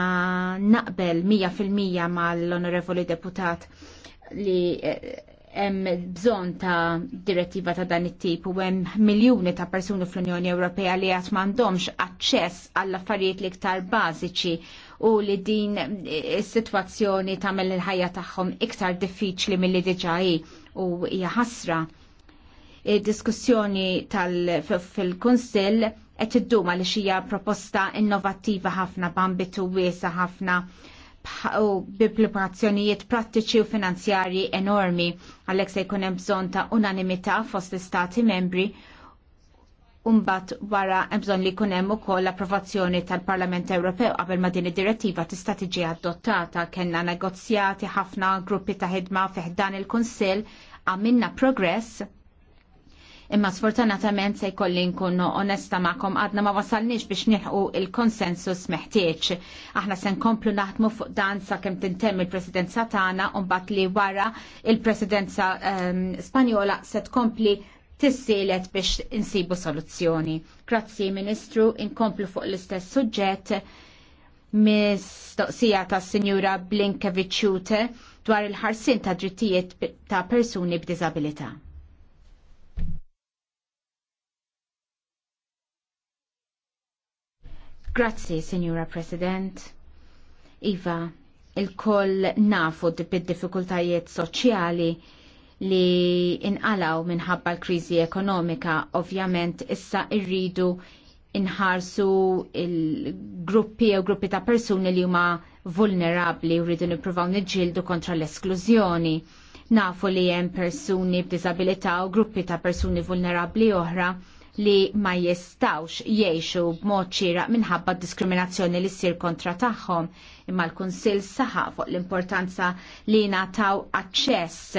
naqbel 100% mal-Onorevoli Deputat li eh, hemm bżonn ta' direttiva ta' dan it-tip u hemm miljuni ta' persuni fl-Unjoni Ewropea li għat m'għandhomx aċċess għall affarijiet l-iktar bażiċi u li din is-sitwazzjoni tagħmel il-ħajja tagħhom iktar diffiċli milli diġà hi u hija ħasra. Diskussjoni fil-Kunsill qed idduma li xija proposta innovattiva ħafna b'ambitu wiesa ħafna u bimplikazzjonijiet prattiċi u finanzjarji enormi għalhekk se jkun hemm bżonn ta' unanimità fost l-istati membri Umbat wara bżonn li jkun hemm ukoll l-approvazzjoni tal-Parlament Ewropew qabel ma din id-direttiva tista' tiġi adottata kellna negozjati ħafna gruppi ta' ħidma fih dan il-Kunsill għamilna progress Imma sfortunatament se jkolli nkun onesta ma'kom għadna ma wasalniex biex nieħu il-konsensus meħtieġ. Aħna se nkomplu naħdmu fuq dan sakemm tintemm il-presidenza tagħna u mbagħad li wara il-presidenza um, Spanjola se tkompli tissielet biex insibu soluzzjoni. Grazzi Ministru, inkomplu fuq l-istess suġġett mistoqsija ta' Sinjura Blinkeviċute dwar il-ħarsin ta' drittijiet ta' persuni b'disabilità. Grazzi, Signora President. Iva, il-koll nafu bid-diffikultajiet soċjali li inqalaw minħabba l-kriżi ekonomika, ovvjament issa irridu inħarsu il-gruppi u gruppi ta' persuni li huma vulnerabli u rridu nippruvaw niġġieldu kontra l-esklużjoni. Nafu li hemm persuni b'diżabilità u gruppi ta' persuni vulnerabli oħra li ma jistawx jiexu b'mod xieraq minħabba diskriminazzjoni li ssir kontra tagħhom imma l-Kunsill saħaq fuq l-importanza li nataw aċċess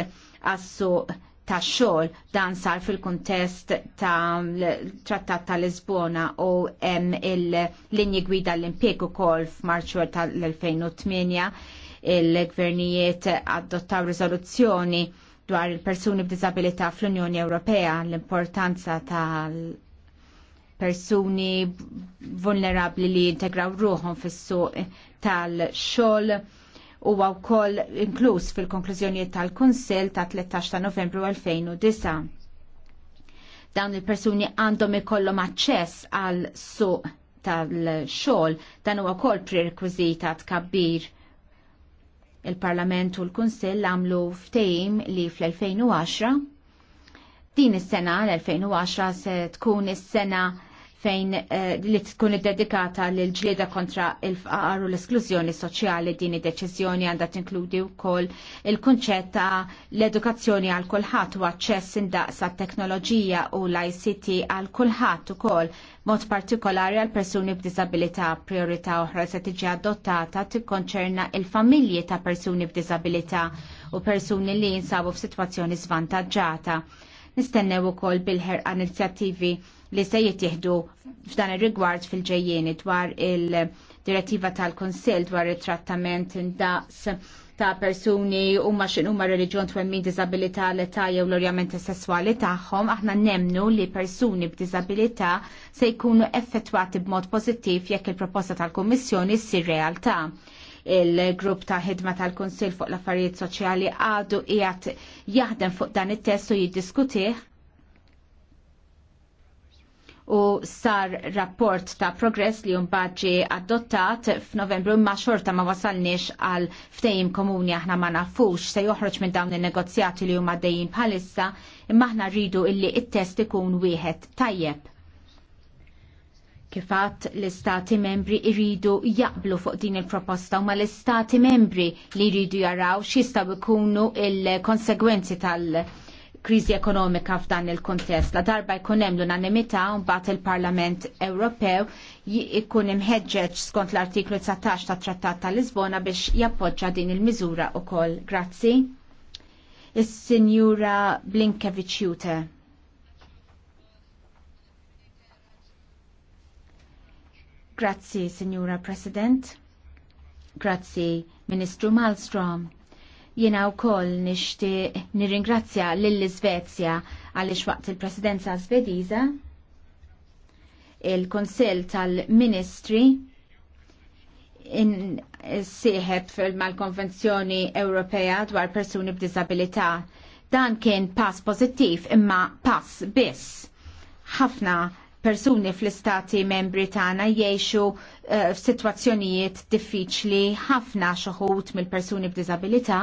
għas-suq tax xogħol dan sar fil-kuntest tal-Trattat ta' Lisbona u l il-linji gwida l-impjeg ukoll f'Marzu tal-2008 il-gvernijiet adottaw riżoluzzjoni dwar il-persuni b'disabilità fl-Unjoni Ewropea, l-importanza tal persuni vulnerabli li integraw ruħom fis-suq tal-xogħol u wkoll inkluż fil-konklużjonijiet tal-Kunsill ta' 13 ta' Novembru 2009. Dawn il-persuni għandhom ikollhom aċċess għal suq tal-xogħol dan huwa wkoll prerekwiżita tkabbir kabbir Il-Parlament u l-Kunsill għamlu ftejim li fl-2010 din is-sena l-2010 se tkun is-sena fejn eh, li tkun dedikata l ġlieda kontra il-faqar u l-esklużjoni soċjali din id-deċiżjoni għandha tinkludi wkoll il-kunċett ta' l-edukazzjoni għal kulħadd u aċċess indaqsa teknoloġija u l-ICT għal kulħadd ukoll mod partikolari għal persuni b'disabilità priorità oħra se tiġi adottata tikkonċerna il-familji ta' persuni b'disabilità u persuni li jinsabu f'sitwazzjoni svantaġġata. Nistennew ukoll bil-ħerqa inizjattivi li se jittieħdu f'dan ir-rigward fil ġejjieni dwar il-direttiva tal-Konsil dwar it-trattament daqs ta' persuni u ma huma reġjon twemmin diżabilità l-età jew l-orjament sessuali tagħhom, aħna nemnu li persuni b'diżabilità se jkunu effettwati b'mod pożittiv jekk il-proposta tal-Kummissjoni ssir realtà il-grupp ta' ħidma tal-Konsil fuq l-affarijiet soċjali għadu qiegħed jaħdem fuq dan it-test u jiddiskutih u sar rapport ta' progress li mbagħad adottat f'Novembru ma' xorta ma' wasalniex għal ftejim komuni aħna ma' nafux se joħroġ minn dawn in-negozjati li huma dejjin bħalissa imma aħna rridu illi it-test ikun wieħed tajjeb. Kifat l-istati membri iridu jaqblu fuq din il-proposta u ma l-istati membri li jridu jaraw x'jistgħu jkunu il-konsegwenzi tal- kriżi ekonomika f'dan il-kontest. La darba jkun hemm l-unanimità mbagħad il-Parlament Ewropew jkun imħeġġeġ skont l-artiklu 19 tat Trattat ta' Lisbona biex jappoġġa din il-miżura wkoll. Grazzi. Is-Sinjura Blinkevich Jute. Grazzi, Signora President. Grazzi, Ministru Malmstrom. Jiena wkoll nishti nirringrazzja lill iżvezja għaliex waqt il-Presidenza svediza, il konsil tal-Ministri sieħeb mal-Konvenzjoni Ewropea dwar persuni b'disabilità. Dan kien pass pożittiv imma pass biss. Ħafna persuni fl-istati membri tagħna jgħixu eh, f'sitwazzjonijiet diffiċli ħafna xoħut mill-persuni b'diżabilità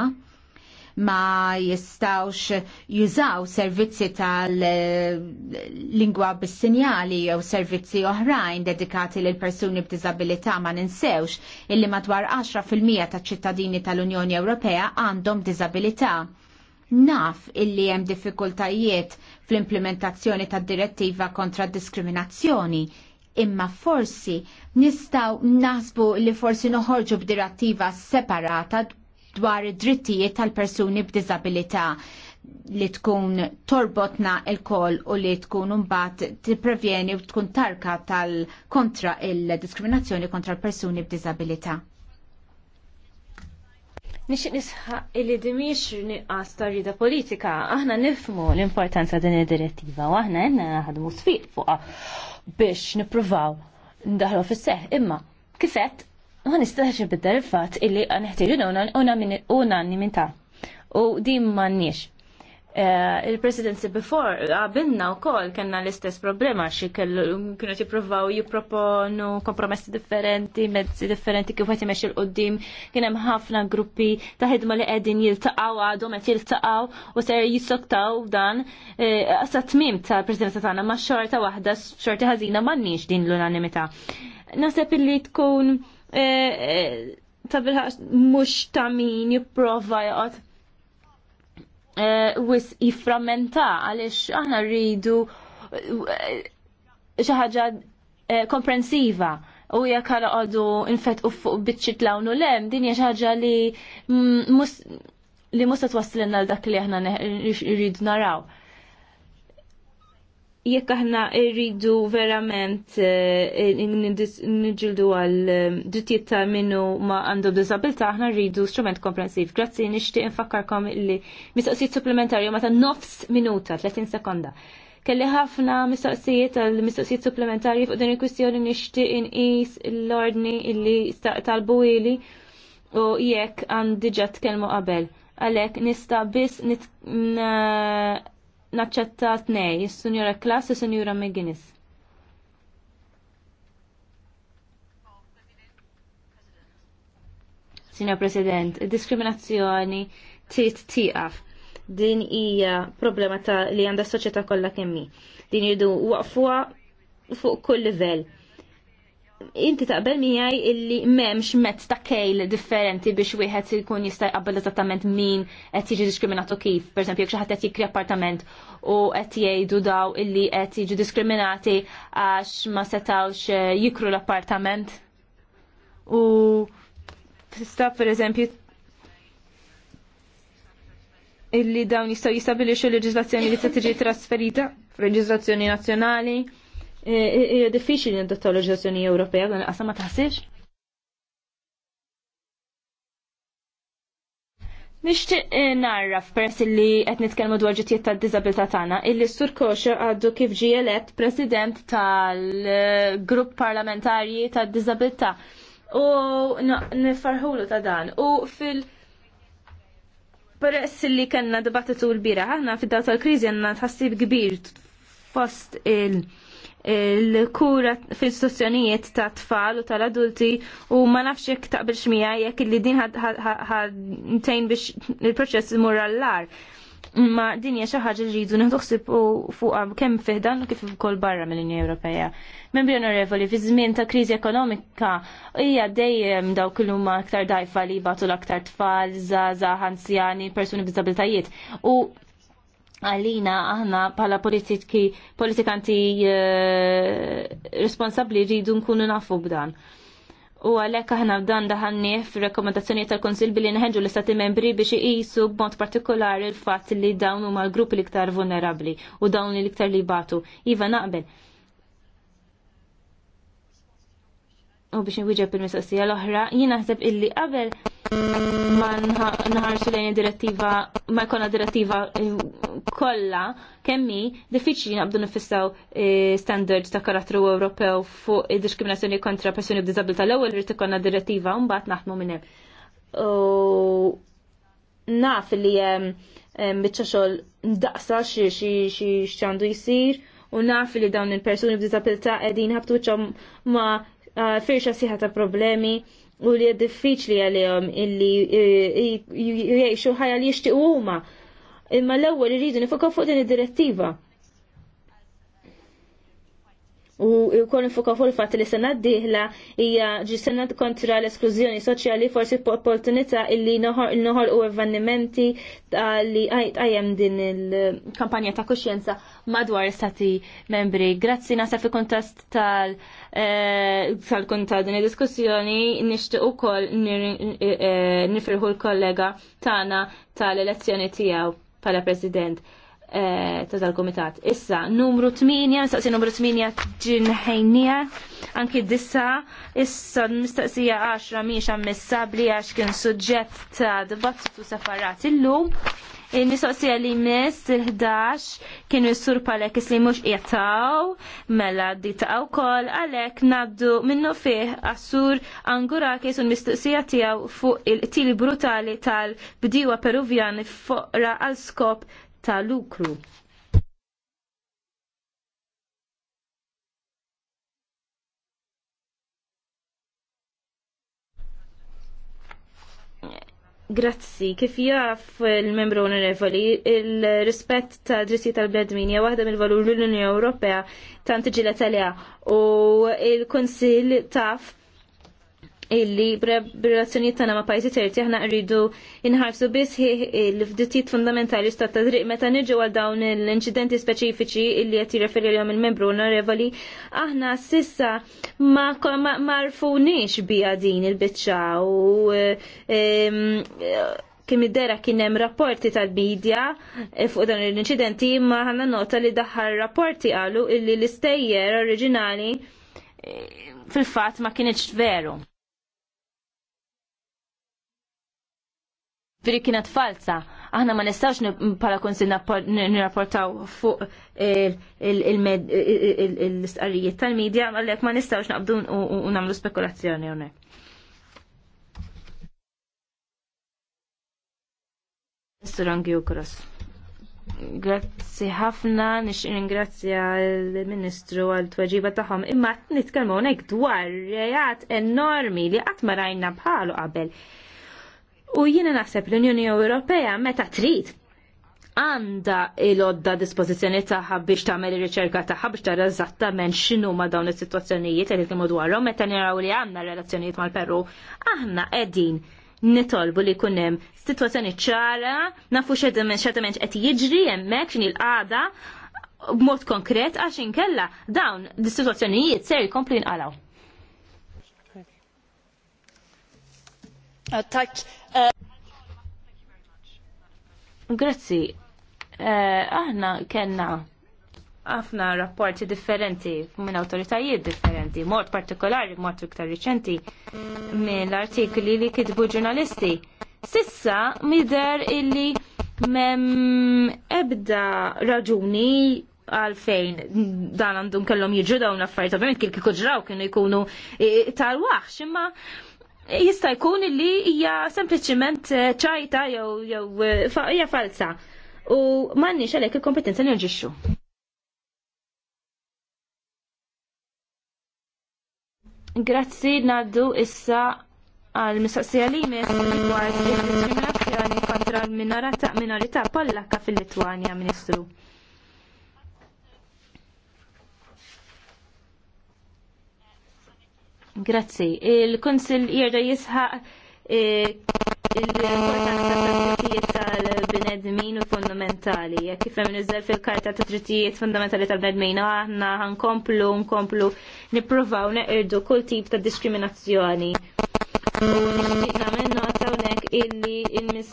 ma jistawx jużaw servizzi tal-lingwa bis-sinjali jew servizzi oħrajn dedikati lil persuni b'diżabilità ma ninsewx illi madwar 10% taċ ċittadini tal-Unjoni Ewropea għandhom diżabilità naf illi hemm diffikultajiet fl-implementazzjoni tad direttiva kontra diskriminazzjoni imma forsi nistaw nasbu li forsi noħorġu b'direttiva separata dwar id-drittijiet tal-persuni b'disabilità li tkun torbotna il-kol u li tkun t-prevjeni u tkun tarka tal-kontra il-diskriminazzjoni kontra l-persuni b'disabilità. Nixtieq nisħaq illi dimiex niqqas tarrida politika, aħna nifmu l-importanza din id-direttiva u aħna għedna ħadmu sfiq fuqha biex nippruvaw ndaħlu fis-seħ. Imma kifet ma nistax bid il-fatt illi għan neħtieġu unanimità. U din m'għandniex. Eh, il presidenzi before għabinna u kol kena l-istess problema xie kienu jipruvaw jiproponu kompromessi differenti, mezzi differenti kif għati meċi l qoddim kienem ħafna gruppi ta' ħidma li għedin jiltaqaw għadu għet jiltaqaw u ser jisoktaw dan eh, sa' tmim ta' presidenza tagħna ma' xorta waħda xorta ħażina m'għandniex din l-unanimità. Naseb illi tkun eh, ta' bilħax mux ta' min jipprova jgħod Eh, wis jifframmenta għaliex aħna rridu eh, xi ħaġa eh, komprensiva u jekk għal għadu infet u fuq bitċit u lem, din hija xi ħaġa li li musta għal l dak li aħna rridu naraw jekk aħna rridu verament eh, nġildu għal eh, drittijiet ta' minnu ma għandhom disabilità, aħna rridu strument komprensiv. Grazzi, nixtieq infakkarkom li mistoqsijiet supplementari ma ta' nofs minuta, 30 sekonda. Kelli ħafna mistoqsijiet għal mistoqsijiet supplementari fuq din il-kwistjoni nixtieq inqis l-ordni illi talbu ili u jekk għandi kelmu qabel. Għalhekk nista' biss naċċetta tnej, il sunjura Klas, il-Sinjura McGuinness. Sina President, diskriminazzjoni tit tieqaf. Din hija problema ta' li għandha soċjetà kollha kemmi. Din jridu waqfuha fuq kull livell inti taqbel miħaj illi memx mezz ta' kejl differenti biex wieħed ikun jista' jqabbel eżattament min qed jiġi diskriminatu kif. Per eżempju, jekk xi ħadd qed jikri appartament u qed jgħidu daw illi qed jiġu diskriminati għax ma setawx eh, jikru l-appartament. U tista' pereżempju illi dawn jistgħu jistabilixxu l-leġiżlazzjoni li se tiġi trasferita f'leġiżlazzjoni nazzjonali hija diffiċli nadottaw leġiżlazzjoni Ewropea għan qasam ma taħsibx? Nixtieq eh, narraf peress li qed nitkellmu dwar ġittijiet tad-diżabilità tagħna illi Sur Kosher għaddu kif ġie elett President tal-Grupp Parlamentarji tad-Diżabilità. U nifarħulu ta' dan. U fil- Peress li kellna dibattitu l-bira, aħna fid data tal-kriżi għandna tħassib kbir fost il- il-kura fil-istituzzjonijiet ta' tfal u tal-adulti u ma nafx jekk taqbel xmija jekk li din ħadtejn biex il-proċess imur għall-lar. Ma din hija xi ħaġa li jridu fuq fuqha kemm fiħdan u kif ukoll barra mill-Unjoni Ewropea. Membri onorevoli, fi żmien ta' kriżi ekonomika hija dejjem dawk li ma aktar dajfa li batu l-aktar tfal, żgħażagħ, anzjani, persuni b'diżabilitajiet. U għalina aħna pala politiki, politikanti eh, responsabli rridu nkunu nafu b'dan. U għalek aħna b'dan daħanni f-rekomendazzjoni tal-Konsil billi nħedġu l-Istati membri biex jisu b'mod partikolari l-fatt li dawn huma l grupp l-iktar vulnerabli u dawn l-iktar li batu. Iva naqbel u biex nwiġeb il-mistoqsija l-oħra, jien naħseb illi qabel ma naħarsu lejn direttiva, ma jkollna direttiva eh, kollha kemmi diffiċli nabdu nifissaw eh, standards ta' karattru Ewropew fuq id-diskriminazzjoni kontra persuni b'diżabilità l-ewwel irid ikollna direttiva u mbagħad naħdmu minn hemm. Naf li hemm biċċa xogħol ndaqsa xi x'għandu jsir u naf li dawn il-persuni b'disabilità qegħdin ħabtu ma Eh, firxa siħa ta' problemi u li diffiċli għalihom illi eh, jgħixu ħajja li jixtiequ huma. Imma l-ewwel irridu nifokaw fuq din id-direttiva u kon fuka fuq il-fatt li sena d-dieħla hija ġi sena kontra l-esklużjoni soċjali forsi opportunità illi noħol u avvenimenti li għajem din il-kampanja ta' kuxjenza madwar stati membri. Grazzi nasa fi kontest tal eh, tal din il-diskussjoni u ukoll eh, nifirħu l-kollega tagħna tal-elezzjoni tiegħu bħala President. Eh, ta' tal-komitat. Issa, numru 8, mistaqsi numru 8 ġinħejnija, anki dissa, issa mistaqsija 10 miex ammissabli għax kien suġġett ta' dibattitu separat illum. Il-mistoqsija li mis il-11 kienu jissur palek li mux jataw, mela di ta' kol, għalek naddu minnu fih għassur angura l mistoqsija tijaw fuq il-tili brutali tal-bdiwa peruvjan fuqra għal skop ta' lukru. Grazzi, kif jaf il-membru onorevoli, il-rispett ta' drissi tal bledmin hija waħda mill-valur l-Unjoni Ewropea tant ġilet għalija u il-Kunsill taf illi b'relazzjonijiet tagħna ma' pajjiżi terzi aħna rridu inħarsu biss l-fdittijiet fundamentali stat ta' driq meta niġu għal dawn l-inċidenti speċifiċi illi qed jirreferi lihom il-membru onorevoli aħna sissa ma marfunix biha din il-biċċa u kim ehm, id-dera kien hemm rapporti tal-bidja eh, fuq dan l inċidenti ma aħna nota li daħħar rapporti qalu illi l-istejjer oriġinali eh, fil-fat ma kienx veru. Veri kienet falsa. Aħna ma nistax pala konsil nirrapportaw fuq eh, il-istqarrijiet tal-medja, għallek ma nistax naqbdu u namlu spekulazzjoni unek. Rangi Ukros. Grazzi ħafna, nix ringrazzja l-Ministru għal tweġiba tagħhom. Imma nitkellmu hawnhekk dwar rejat enormi li qatt ma rajna bħalu qabel. U jiena naħseb l-Unjoni Ewropea meta trid għanda il-odda dispozizjoni taħħa biex tagħmel ir-riċerka taħħa biex tara eżattament x'inhu ma dawn is-sitwazzjonijiet qed nitkellmu dwarhom meta niraw li għandna relazzjonijiet mal-Peru, aħna qegħdin nitolbu li jkun hemm sitwazzjoni ċara, nafu x'element qed jiġri hemmhekk x'inhi l-qagħda b'mod konkret għax inkella dawn is-sitwazzjonijiet se jkomplu jinqalgħu. Uh, uh, Grazzi. Eh, aħna kena ħafna rapporti differenti minn autoritajiet differenti, mod partikolari, mod iktar riċenti minn artikli li kitbu ġurnalisti. Sissa mider illi mem ebda raġuni għalfejn dan għandhom kellhom jiġu dawn affarijiet, ovvjament kil kieku ġraw kienu jkunu tal-waħx, imma jista' jkun li hija sempliċement eh, ċajta jew jew eh, hija falsa. U m'għandniex għalhekk il-kompetenza li Grazzi naddu issa għal mistoqsija li jmiss dwar diskriminazzjoni kontra l-minorità fil-Litwanja, Ministru. Grazzi. Il-Konsil jirda jisħaq eh, il-importanza tal-drittijiet tal-bnedmin u fundamentali. Jekk niżel fil-karta ta' drittijiet fundamentali tal-bnedmin, aħna nkomplu, nkomplu, nippruvaw neqirdu kull tip ta' diskriminazzjoni. U nixtieq nagħmel nota hawnhekk illi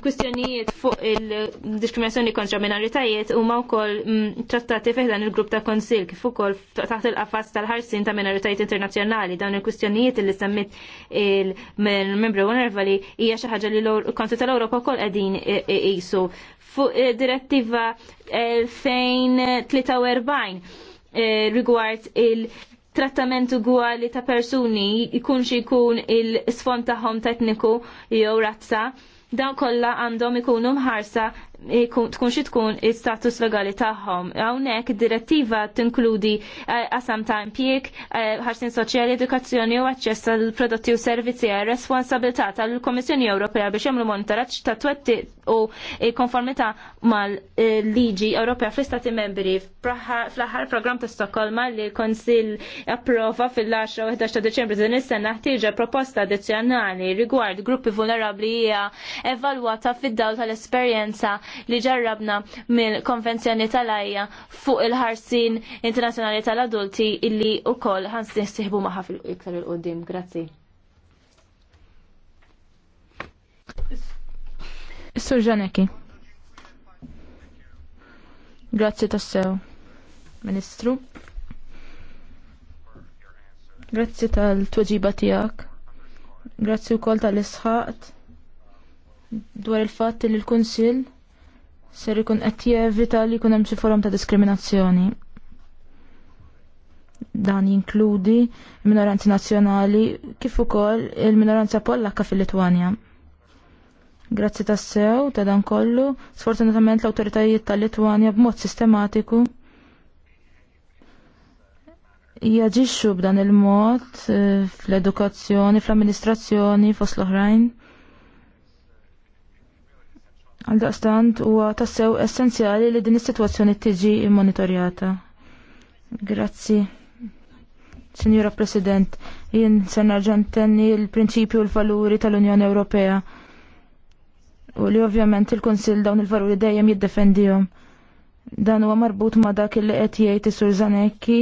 kwistjonijiet fuq il-diskriminazzjoni kontra minoritajiet huma wkoll mm, trattati fiħdan il-grupp ta' konsil kif ukoll taħt il-qafas tal-ħarsin ta' minoritajiet internazzjonali dawn il-kwistjonijiet li semmit il-membru onervali hija xi ħaġa li l-Konsil tal-Ewropa wkoll qegħdin qisu fuq direttiva 2043 eh, rigward il- trattament ugwali ta' persuni jkun xi jkun il-sfond tagħhom tekniku jew razza Dawn kollha għandhom ikunu mħarsa tkun xi tkun is-status legali tagħhom. Hawnhekk id direttiva tinkludi eh, qasam ta' impjieg, eh, ħarsin soċjali, edukazzjoni u aċċess għal prodotti u servizzi għal responsabilità tal-Kommissjoni Ewropea biex jagħmlu monitoraġġ ta' twetti u eh, konformità mal-liġi Ewropea fl-Istati membri fl-aħħar programm ta' Stokkolma li l-Konsill approva fil-10 u 11 ta' Deċembru din is-sena ħtieġa proposta addizzjonali rigward gruppi vulnerabbli hija evalwata fid-dawl tal-esperjenza li ġarrabna mill-konvenzjoni tal-ajja fuq il-ħarsin internazzjonali tal-adulti illi u koll s-sihbu maħa fil-iktar il-qoddim. Grazzi. Surġaneki. Grazzi tassew, Ministru. Grazzi tal-tweġiba tijak. Grazzi u koll tal isħat dwar il-fat li l-Kunsil ser ikun qed jevita li jkun hemm xi forum ta' diskriminazzjoni. Dan jinkludi minoranzi nazzjonali kif ukoll il-minoranza Pollakka fil-Litwanja. Grazzi tas-sew ta' dan kollu, sfortunatament l-awtoritajiet tal-Litwanja b'mod sistematiku jaġixxu b'dan il-mod eh, fl-edukazzjoni, fl-amministrazzjoni, fost l-oħrajn Għaldaqstant huwa tassew essenzjali li din is-sitwazzjoni tiġi immonitorjata. Grazzi. Signora President, jien se nerġa' ntenni l-prinċipju u l-valuri tal-Unjoni Ewropea. U li ovvjament il-Kunsill dawn il-valuri dejjem jiddefendihom. Dan huwa marbut ma' dak li qed jgħid is-Sur Zanekki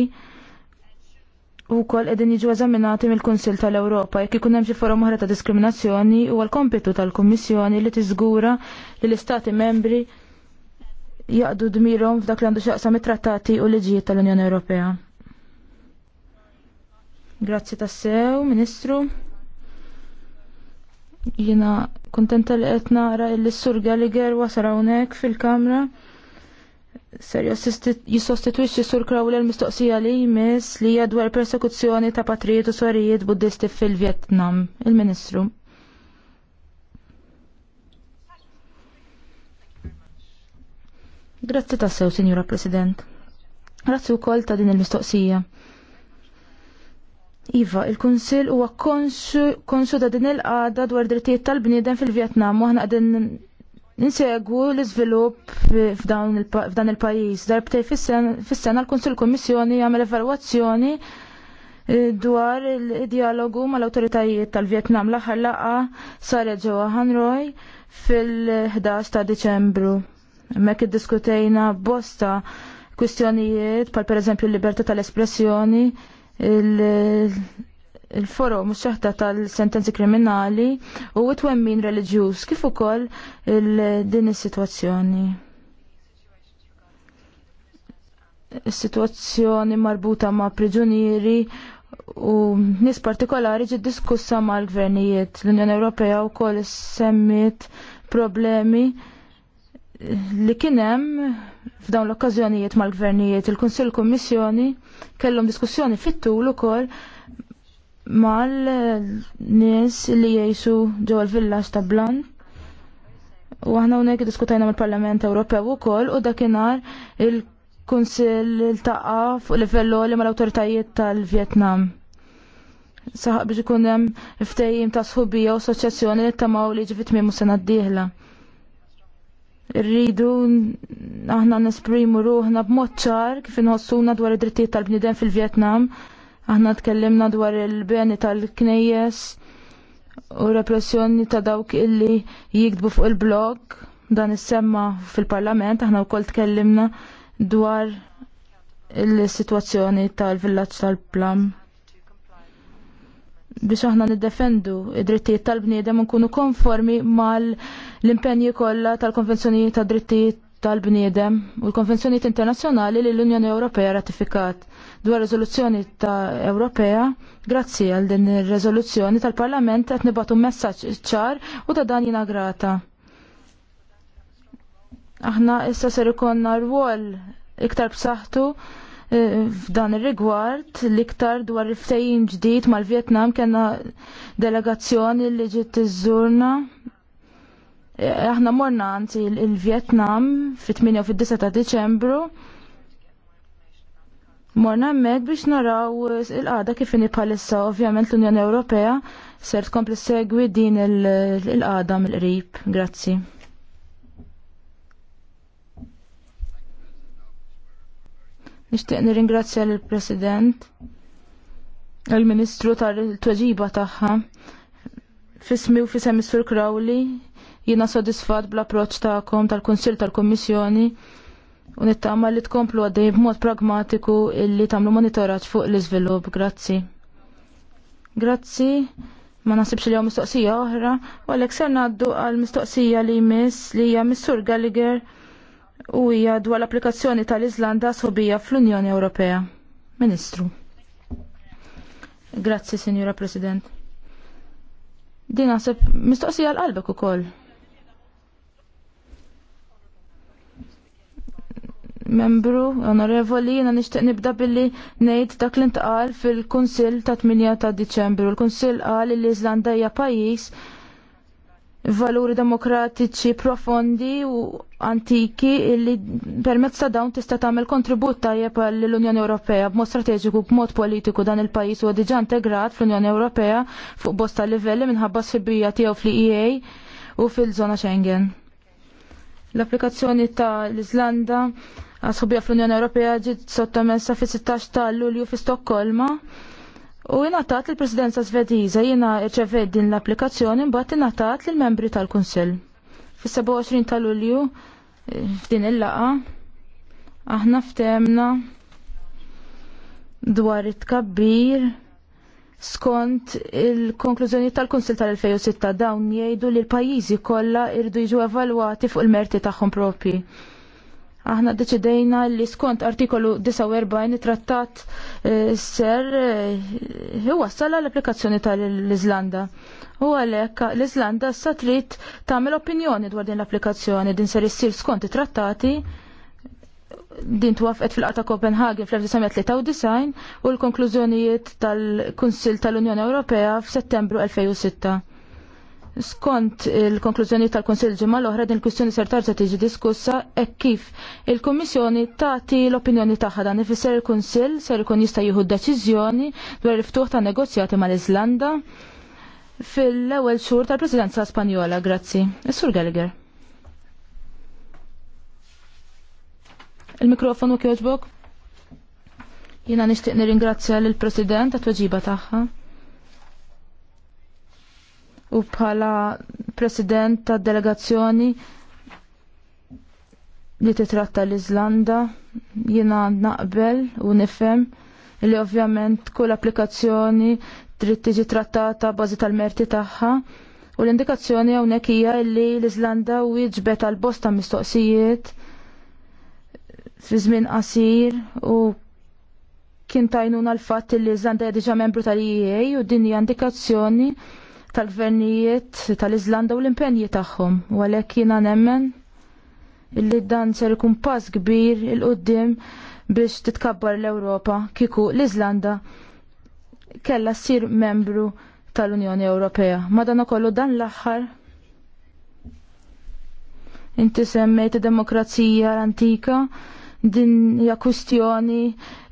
u kol edin jiġu eżaminati mill-Kunsil tal europa jekk ikun hemm xi forom oħra ta' diskriminazzjoni huwa l-kompitu tal-Kummissjoni li tiżgura li l-Istati membri jaqdu dmirhom f'dak li għandu xaqsam it-trattati u liġijiet tal-Unjoni Ewropea. Grazzi tassew, Ministru. Jiena kuntenta li qed nara s sur Gallagher wasal hawnhekk fil-Kamra ser jissostitwixxi sur krawl l-mistoqsija li jmiss li hija dwar persekuzzjoni ta' patrijiet u sorijiet buddisti fil-Vjetnam, il-Ministru. Grazzi ta' sew, Sinjura President. Grazzi wkoll ta' din il-mistoqsija. Iva, il-Kunsil huwa konsu ta' din il-qada dwar drittijiet tal-bniedem fil-Vjetnam u aħna għadin Nsegu l-iżvilupp f'dan il-pajjiż. Darbte fis-sena l-Kunsill Kummissjoni jagħmel evalwazzjoni eh, dwar il-dialogu mal-awtoritajiet tal-Vjetnam l-aħħar laqa saret ġewwa Hanroj fil-11 ta' Diċembru. Mek iddiskutejna bosta kwistjonijiet, pal pereżempju l-libertà tal-espressjoni, il-foro musċaħta tal-sentenzi kriminali u it-wemmin reliġjuż kif ukoll din is-sitwazzjoni. Is-sitwazzjoni marbuta ma' priġunieri u nis partikolari ġi diskussa mal-gvernijiet. L-Unjoni Ewropea wkoll semmit problemi li kienem f'dawn l okkażjonijiet mal-gvernijiet. Il-Kunsill Kummissjoni kellhom diskussjoni fit-tul ukoll mal-nies li jgħixu ġol l-villaġġ ta' Blan. U aħna hawnhekk diskutajna mal-Parlament Ewropew ukoll u dakinhar il-Kunsill taqqa fuq livell li mal-awtoritajiet tal-Vjetnam. Saħaq biex ikun hemm ftehim ta' sħubija u assoċjazzjoni li tamaw li ġifit miemu sena d-dieħla. Rridu aħna nesprimu ruħna b'mod ċar kif inħossuna dwar id-drittijiet tal-bniedem fil-Vjetnam Aħna tkellimna dwar il-beni tal-knejjes u repressjoni ta' dawk illi jikdbu fuq il-blog dan is-semma fil-parlament aħna wkoll tkellimna dwar il-sitwazzjoni tal-villaġġ tal-plam. Biex aħna niddefendu id-drittijiet tal-bniedem nkunu konformi mal l-impenji kollha tal-konvenzjoni tad drittijiet tal-bniedem u l-konvenzjoniet internazzjonali li l-Unjoni Ewropea ratifikat dwar rezoluzzjoni ta' Ewropea grazzi għal din ir-rezoluzzjoni tal-Parlament qed nibgħatu messaġġ ċar u ta' dan jiena grata. Aħna issa ser ikonna rwol iktar b'saħħtu eh, f'dan ir-rigward l-iktar dwar il-ftehim ġdid mal-Vjetnam kellna delegazzjoni li ġiet iżżurna aħna morna anzi il-Vietnam fit-8 u fit-9 ta' Deċembru. Morna hemmhekk biex naraw eh, il-qada kif inhi bħalissa ovvjament l-Unjoni Ewropea ser tkompli segwi din il-qada mill-qrib. Grazzi. Nixtieq nirringrazzja lill president l ministru tal-tweġiba tagħha fismi u fisem Mr. Crowley Jina sodisfat bl-approċ ta'kom tal-Konsil tal-Kommissjoni u nittama li tkomplu għaddej b'mod pragmatiku illi tamlu monitorat fuq l-iżvilupp. Grazzi. Grazzi. Ma nasibx li għom mistoqsija oħra, u għalek ser naddu għal mistoqsija li jmiss li hija Missur Gallagher u hija dwar l-applikazzjoni tal-Iżlanda sobija fl-Unjoni Ewropea. Ministru. Grazzi, Sinjura President. Din naħseb mistoqsija l-qalbek ukoll. membru onorevoli, jena nishtiq nibda billi nejt dak li ntqal fil-Kunsil ta' 8 ta' Diċembru. Il-Kunsil qal li l Iżlanda hija pajjiż valuri demokratiċi profondi u antiki illi permezz ta' dawn tista' tagħmel kontribut tajjeb l-Unjoni Ewropea b'mod strateġiku b'mod politiku dan il-pajjiż huwa diġà integrat fl-Unjoni Ewropea fuq bosta livelli minħabba s-sibija tiegħu fl-EA u fil-żona Schengen l-applikazzjoni ta' l l-Iżlanda għasħubja fl-Unjoni Ewropea ġiet sottomessa fi 16 ta' Lulju fi Stokkolma. U ingħatat l presidenza Svediża jiena rċeved din l-applikazzjoni mbagħad ingħatat lill membri tal-Kunsill. Fis-27 ta' Lulju eh, f'din il-laqa aħna ftemna dwar it-tkabbir skont il-konklużjoni tal-Kunsil tal-2006 dawn jgħidu li l-pajjiżi kollha irdu jiġu evalwati fuq il-merti tagħhom propri. Aħna deċidejna li skont artikolu 49 trattat eh, ser huwa eh, sala l-applikazzjoni tal-Iżlanda. U għalhekk l-Iżlanda sa trid tagħmel opinjoni dwar din l-applikazzjoni din ser issir skont it-trattati din twafqet fil-qata Copenhagen fl-1993 u l-konklużjonijiet tal-Kunsil tal-Unjoni Ewropea f'Settembru 2006. Skont il-konklużjoni tal-Konsil ġimgħa l-oħra din il-kwistjoni ser tarġa' tiġi diskussa hekk kif il-Kummissjoni tagħti l-opinjoni tagħha dan ifisser il-Kunsill ser ikun jista' jieħu deċiżjoni dwar il-ftuħ ta' negozjati mal-Iżlanda fil-ewwel xhur tal-Presidenza Spanjola. Grazzi. Is-Sur Gallagher. Il-mikrofonu kjoġbok. Jiena nixtieq nirringrazzja lill-President għat-tweġiba tagħha u bħala president ta' delegazzjoni li titratta l-Iżlanda jiena naqbel u nifhem li ovvjament kull applikazzjoni trid tiġi trattata bażi tal-merti tagħha u l-indikazzjoni hawnhekk hija li l-Iżlanda wieġbet għal bosta mistoqsijiet fi żmien qasir u kien tajnuna l-fatt li l-Iżlanda hija diġà membru tal-EA u din hija indikazzjoni tal-gvernijiet tal-Iżlanda u l-impenji tagħhom. U għalhekk jiena nemmen illi dan ser ikun pass kbir il-qoddim biex titkabbar l-Ewropa kiku l-Iżlanda kella sir membru tal-Unjoni Ewropea. Madana kollu dan l aħħar inti semmejt demokrazija l-antika din hija kwistjoni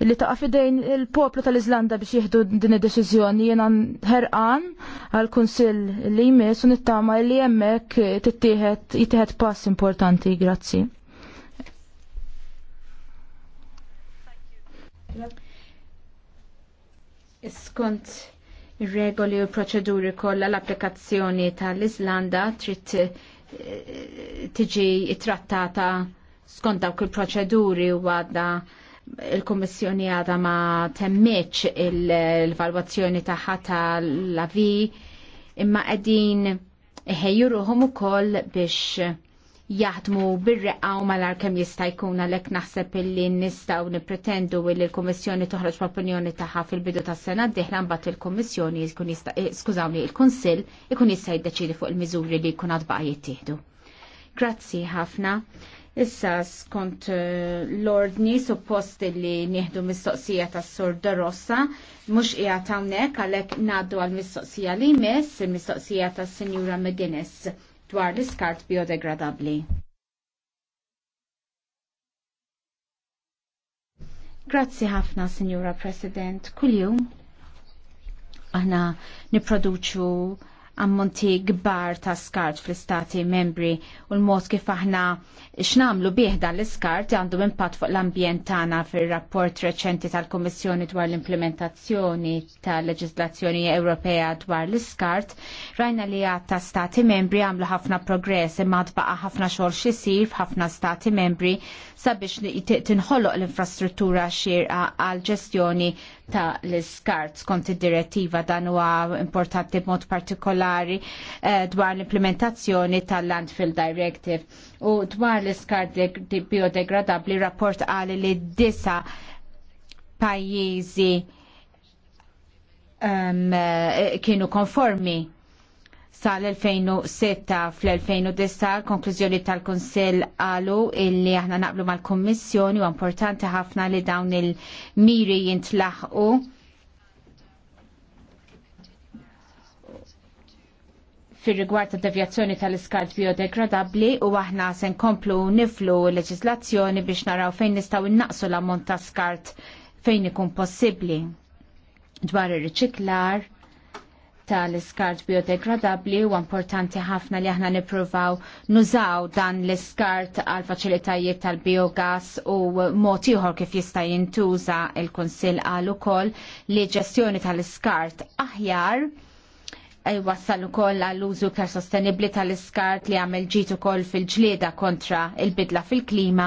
li taqa' fidejn il-poplu tal-Iżlanda biex jieħdu din id-deċiżjoni jiena ħerqan għal kunsill li jmiss u nittama li hemmhekk tittieħed jittieħed pass importanti, grazzi. Skont ir-regoli u l-proċeduri kollha l-applikazzjoni tal-Iżlanda trid eh, tiġi trattata skont dawk il-proċeduri u għadda il-Kommissjoni għadha ma temmiċ il-valwazzjoni tagħha tal-lavi imma qegħdin ħejju ruhom ukoll biex jaħdmu bir-reqqa u malar kemm jista' jkun għalhekk naħseb illi nistgħu nippretendu li l-Kummissjoni toħroġ opinjoni tagħha fil-bidu tas-sena d-dieħla mbagħad il-Kummissjoni jkun jista' eh, skużawni il-Kunsill ikun jista' jiddeċidi fuq il-miżuri li jkun għad baqa' jittieħdu. Grazzi ħafna. Issa skont eh, l-ordni suppost li nieħdu mistoqsija tas sur Rossa, mhux qiegħed hawnhekk għalhekk ngħaddu għall mistoqsija li jmiss, il-mistoqsija tas Sinjura Medines dwar l-iskart biodegradabbli. Grazzi ħafna, Sinjura President. Kuljum aħna niproduċu ammonti gbar ta' skart fl-istati membri u l-mod kif aħna x'namlu bih dan l-iskart għandu impatt fuq l-ambjent tagħna fir-rapport reċenti tal-Kummissjoni dwar l-implementazzjoni tal-leġislazzjoni Ewropea dwar l-iskart, rajna li ta' stati membri għamlu ħafna progress imma tbaqa' ħafna xogħol xisir f'ħafna stati membri sabiex tinħoloq l-infrastruttura xierqa għal ġestjoni ta' l-skart skont id-direttiva dan huwa importanti b'mod partikolari eh, dwar l-implementazzjoni tal-Landfill Directive u dwar l-skart biodegradabli rapport għali li disa pajjiżi eh, kienu konformi sal-2006 fl 2010 konklużjoni tal-Kunsill għalu illi aħna naqblu mal-Kommissjoni u importanti ħafna li dawn il-miri jintlaħqu fir rigward ta' devjazzjoni tal-iskart biodegradabli u aħna se nkomplu niflu l-leġislazzjoni biex naraw fejn nistgħu innaqsu l-ammont ta' skart fejn ikun possibbli dwar ir-riċiklar tal-iskart biodegradabli u importanti ħafna li aħna nipruvaw nużaw dan l-iskart għal faċilitajiet tal-biogas u mod ieħor kif jista' jintuża il-Kunsill għal ukoll li ġestjoni tal-iskart aħjar jwassal e ukoll għall użu ta' sostenibbli tal-iskart li għamel ġiet ukoll fil-ġlieda kontra il-bidla fil-klima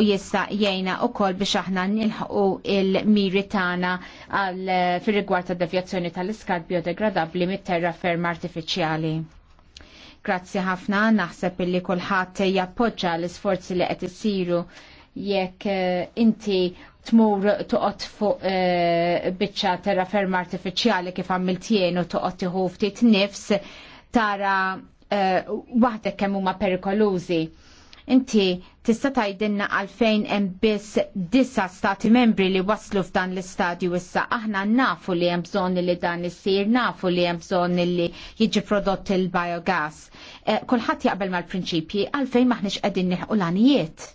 u jista' jgħinna koll biex aħna nilħqu il-miri tagħna għal fir-rigward devjazzjoni tal-iskart biodegradabbli mit terra ferm artifiċjali. Grazzi ħafna, naħseb illi kulħadd jappoġġa l-isforzi li qed isiru jekk eh, inti tmur toqgħod fuq e, biċċa terraferma artifiċjali kif għamilt jien u toqgħod tiħu ftit nifs tara e, waħdek kemm huma perikolużi. Inti tista' tgħidilna għalfejn hemm biss disa stati membri li waslu f'dan l-istadju issa aħna nafu li hemm bżonn li dan isir, nafu li hemm bżonn li jiġi prodott il-biogas. E, kulħadd jaqbel mal-prinċipji għalfejn maħniex qegħdin nieħqu l-għanijiet.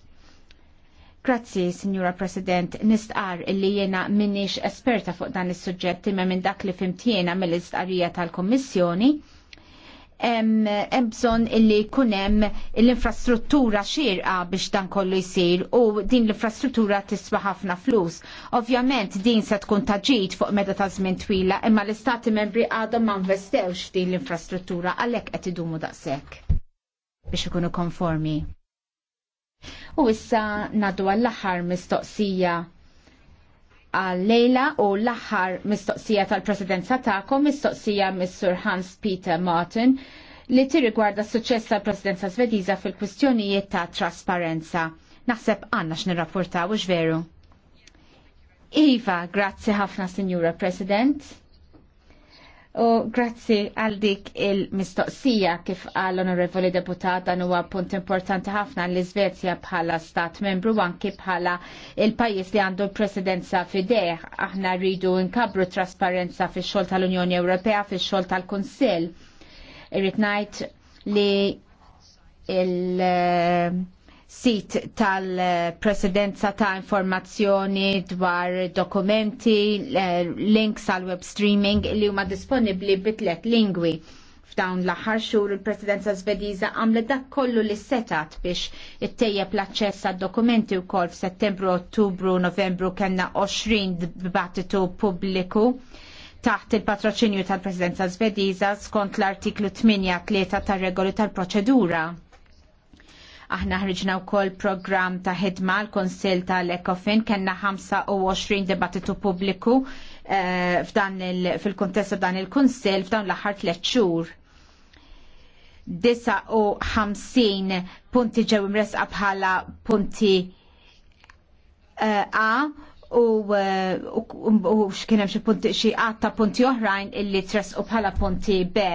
Grazzi, Signora President, nistqar illi jena minnix esperta fuq dan is suġġetti imma minn dak li fimtiena mill-istqarija tal-Kommissjoni. Hemm bżonn illi kunem l-infrastruttura xirqa biex dan kollu jsir u din l-infrastruttura tiswa ħafna flus. Ovvjament din se tkun taġid fuq meta ta' żmien twila imma l-istati membri għadhom ma investewx din l-infrastruttura għalhekk qed idumu daqshekk biex ikunu konformi. U issa naddu għall-aħħar mistoqsija għal-lejla u l-aħħar mistoqsija tal-presidenza ta'kom mistoqsija mis-Sur Hans Peter Martin li tirrigwarda s-suċċess tal-presidenza svediza fil-kwistjonijiet ta' trasparenza. Naħseb għanna x'nirrapportaw u veru. Iva, grazzi ħafna, Signora President. U grazzi għal dik il-mistoqsija kif għal onorevoli deputat dan huwa punt importanti ħafna l iżvezja bħala stat membru anki bħala il-pajjiż li għandu l-presidenza fideħ. Aħna rridu nkabru trasparenza fi xogħol tal-Unjoni Ewropea, fi xogħol tal-Kunsill. Irrid ngħid li il- sit tal-presidenza ta' informazzjoni dwar dokumenti, eh, links għal web streaming li huma disponibbli bitlet lingwi. F'dawn l-aħħar xhur il-Presidenza Svediża għamlet dak kollu li setat biex ittejjeb l-aċċess għad dokumenti wkoll f'Settembru, Ottubru, Novembru kellna 20 dibattitu pubbliku taħt il-patroċinju tal-Presidenza Svediża skont l-artiklu 8 3 tar-regoli tal-proċedura Aħna ħriġna wkoll programm ta' ħidma l-Konsil tal-Ekofin kellna 25 dibattitu pubbliku eh, f'dan fil-kuntest dan il kunsill f'dan l-aħħar tliet xhur. 59 punti ġew imresqa bħala punti eh, A eh, u x'kien hemm xi punti xi għatta punti oħrajn illi tresqu bħala punti B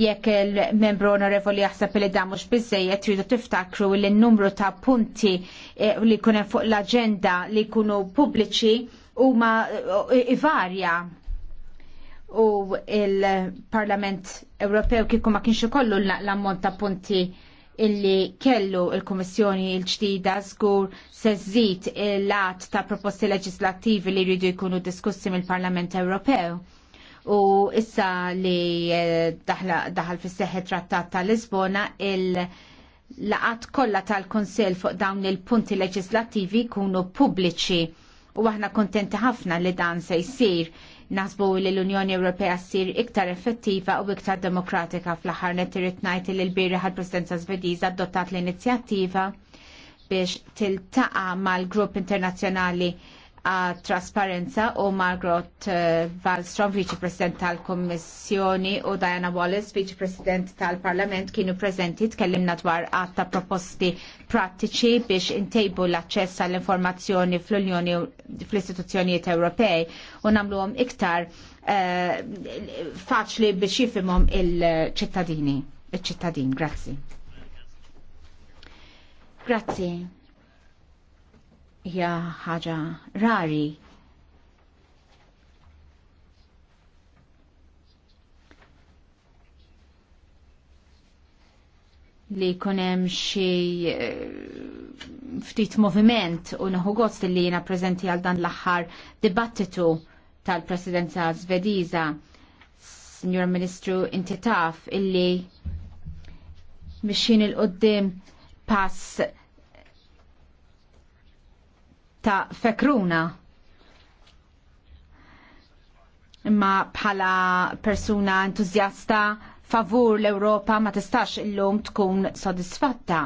jekk il-membru onorevoli jaħseb li da mhux biżejjed tridu tiftakru li n-numru ta' punti eh, li jkun hemm fuq l-aġenda li jkunu pubbliċi huma eh, ivarja u il-Parlament Ewropew kieku ma kienx ikollu l-ammont ta' punti illi kellu il-Kommissjoni il-ġdida żgur se żżid il-lat ta' proposti leġislattivi li jridu jkunu diskussi mill-Parlament Ewropew u issa li eh, daħal fis seħħ trattat tal-Lisbona il- laqat kollha tal-Konsell fuq dawn il-punti leġislattivi jkunu pubbliċi u aħna kontenti ħafna li dan se jsir nasbu li l-Unjoni Ewropea ssir iktar effettiva u iktar demokratika fl-aħħar net irid ngħid li l-bieraħ presidenza Svediża adottat l-inizjattiva biex tiltaqa' mal-grupp internazzjonali għat trasparenza u Margaret eh, Wallstrom, Viċi President tal-Kommissjoni u Diana Wallace, Viċi President tal-Parlament kienu prezenti tkellimna dwar għatta proposti prattiċi biex intejbu l-aċċess għall informazzjoni fl-Unjoni fl-istituzzjonijiet Ewropej u għom iktar uh, faċli biex jifimhom il-ċittadini. Il-ċittadin, grazzi. Grazzi hija ħaġa rari li kunem xie eh, ftit moviment u naħu gost li jina prezenti għal dan l-axħar dibattitu tal-presidenza svediza. Signor Ministru, inti taf illi mxin il-qoddim pass ta' fekruna. Imma bħala persuna entuzjasta favur l-Europa ma tistax illum tkun sodisfatta.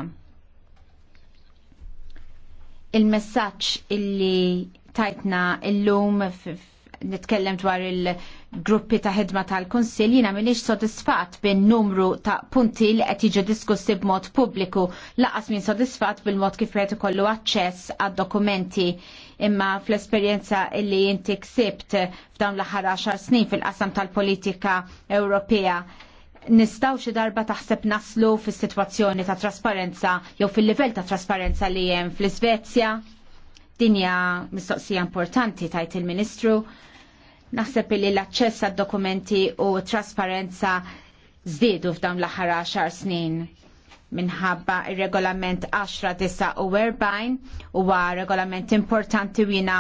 Il-messaċ illi tajtna illum nitkellem dwar il-gruppi ta' ħidma tal-Konsil, jina minix sodisfat bin numru ta' punti li qed jiġu diskussi b'mod pubbliku, laqas min sodisfat bil-mod kif qed ikollu aċċess għad dokumenti imma fl-esperjenza li jinti ksibt f'dawn l-aħħar 10 snin fil-qasam tal-politika Ewropea nistaw xi darba taħseb naslu fis-sitwazzjoni ta' trasparenza jew fil-livell ta' trasparenza li hemm fl-Iżvezja? dinja mistoqsija importanti tajt il-Ministru Naħseb li l-aċċess għad dokumenti u trasparenza żdiedu f'dawn l-aħħar 10 snin minħabba il-regolament 10-49 huwa regolament importanti wina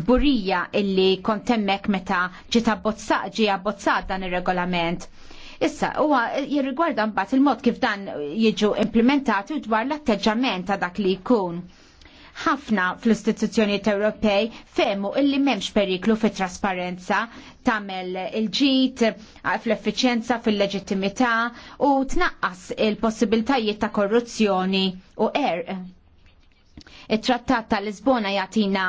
gburija illi kontemmek meta ġita ġija bozzat dan il-regolament. Issa, huwa jirrigwarda mbagħad il-mod kif dan jiġu implementati dwar l-atteġġament ta' dak li jkun ħafna fl-istituzzjonijiet Ewropej femu illi m'hemmx periklu fit trasparenza tagħmel il-ġit fl-effiċjenza fil-leġittimità u tnaqqas il-possibiltajiet ta' korruzzjoni u er. It-trattat tal-Lisbona jagħtina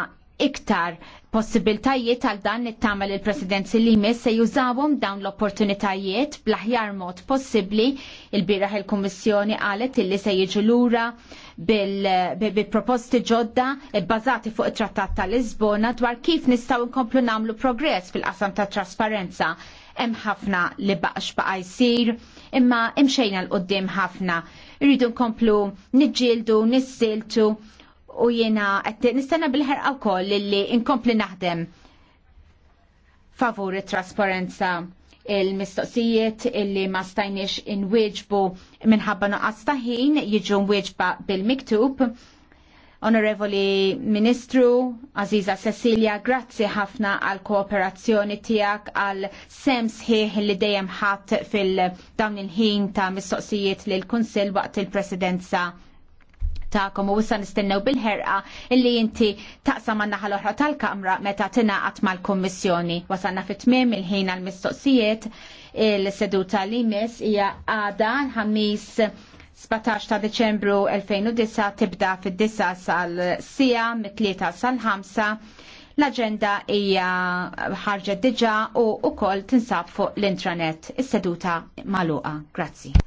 iktar possibiltajiet għal dan it-tamel il-presidenzi li mis se jużawhom dawn l-opportunitajiet bl-aħjar mod possibbli il-biraħ il-Kummissjoni qalet illi se jiġu lura bil-proposti ġodda bbażati e fuq it-Trattat ta' Lisbona dwar kif nistgħu nkomplu nagħmlu progress fil-qasam ta' trasparenza. Hemm ħafna li baqax baqa' jsir, imma imxejna l-qoddim ħafna. Irridu nkomplu niġġieldu, nissiltu u jiena qed nistenna bil-ħerqa wkoll li nkompli naħdem favur it-trasparenza il-mistoqsijiet illi ma stajniex inwieġbu minħabba naqas ta' ħin jiġu nwieġba bil-miktub. Onorevoli Ministru, Aziza Cecilia, grazzi ħafna għal kooperazzjoni tijak, għal sem sħiħ li dejjem ħadd fil-dawn il-ħin ta' mistoqsijiet lill kunsil waqt il-presidenza ta'kom u issa nistennew bil-ħerqa illi inti taqsam għanna ħal-oħra tal-kamra meta tingħaqad mal-Kummissjoni. Wasanna fit-tmiem il-ħin għal-mistoqsijiet il-seduta li mis hija għada ħamis 17 ta' Deċembru 2009 tibda fid-9 sal-sija mit-3 sal ħamsa l-agenda hija ħarġet diġa u wkoll tinsab fuq l-intranet. Is-seduta magħluqa. Grazzi.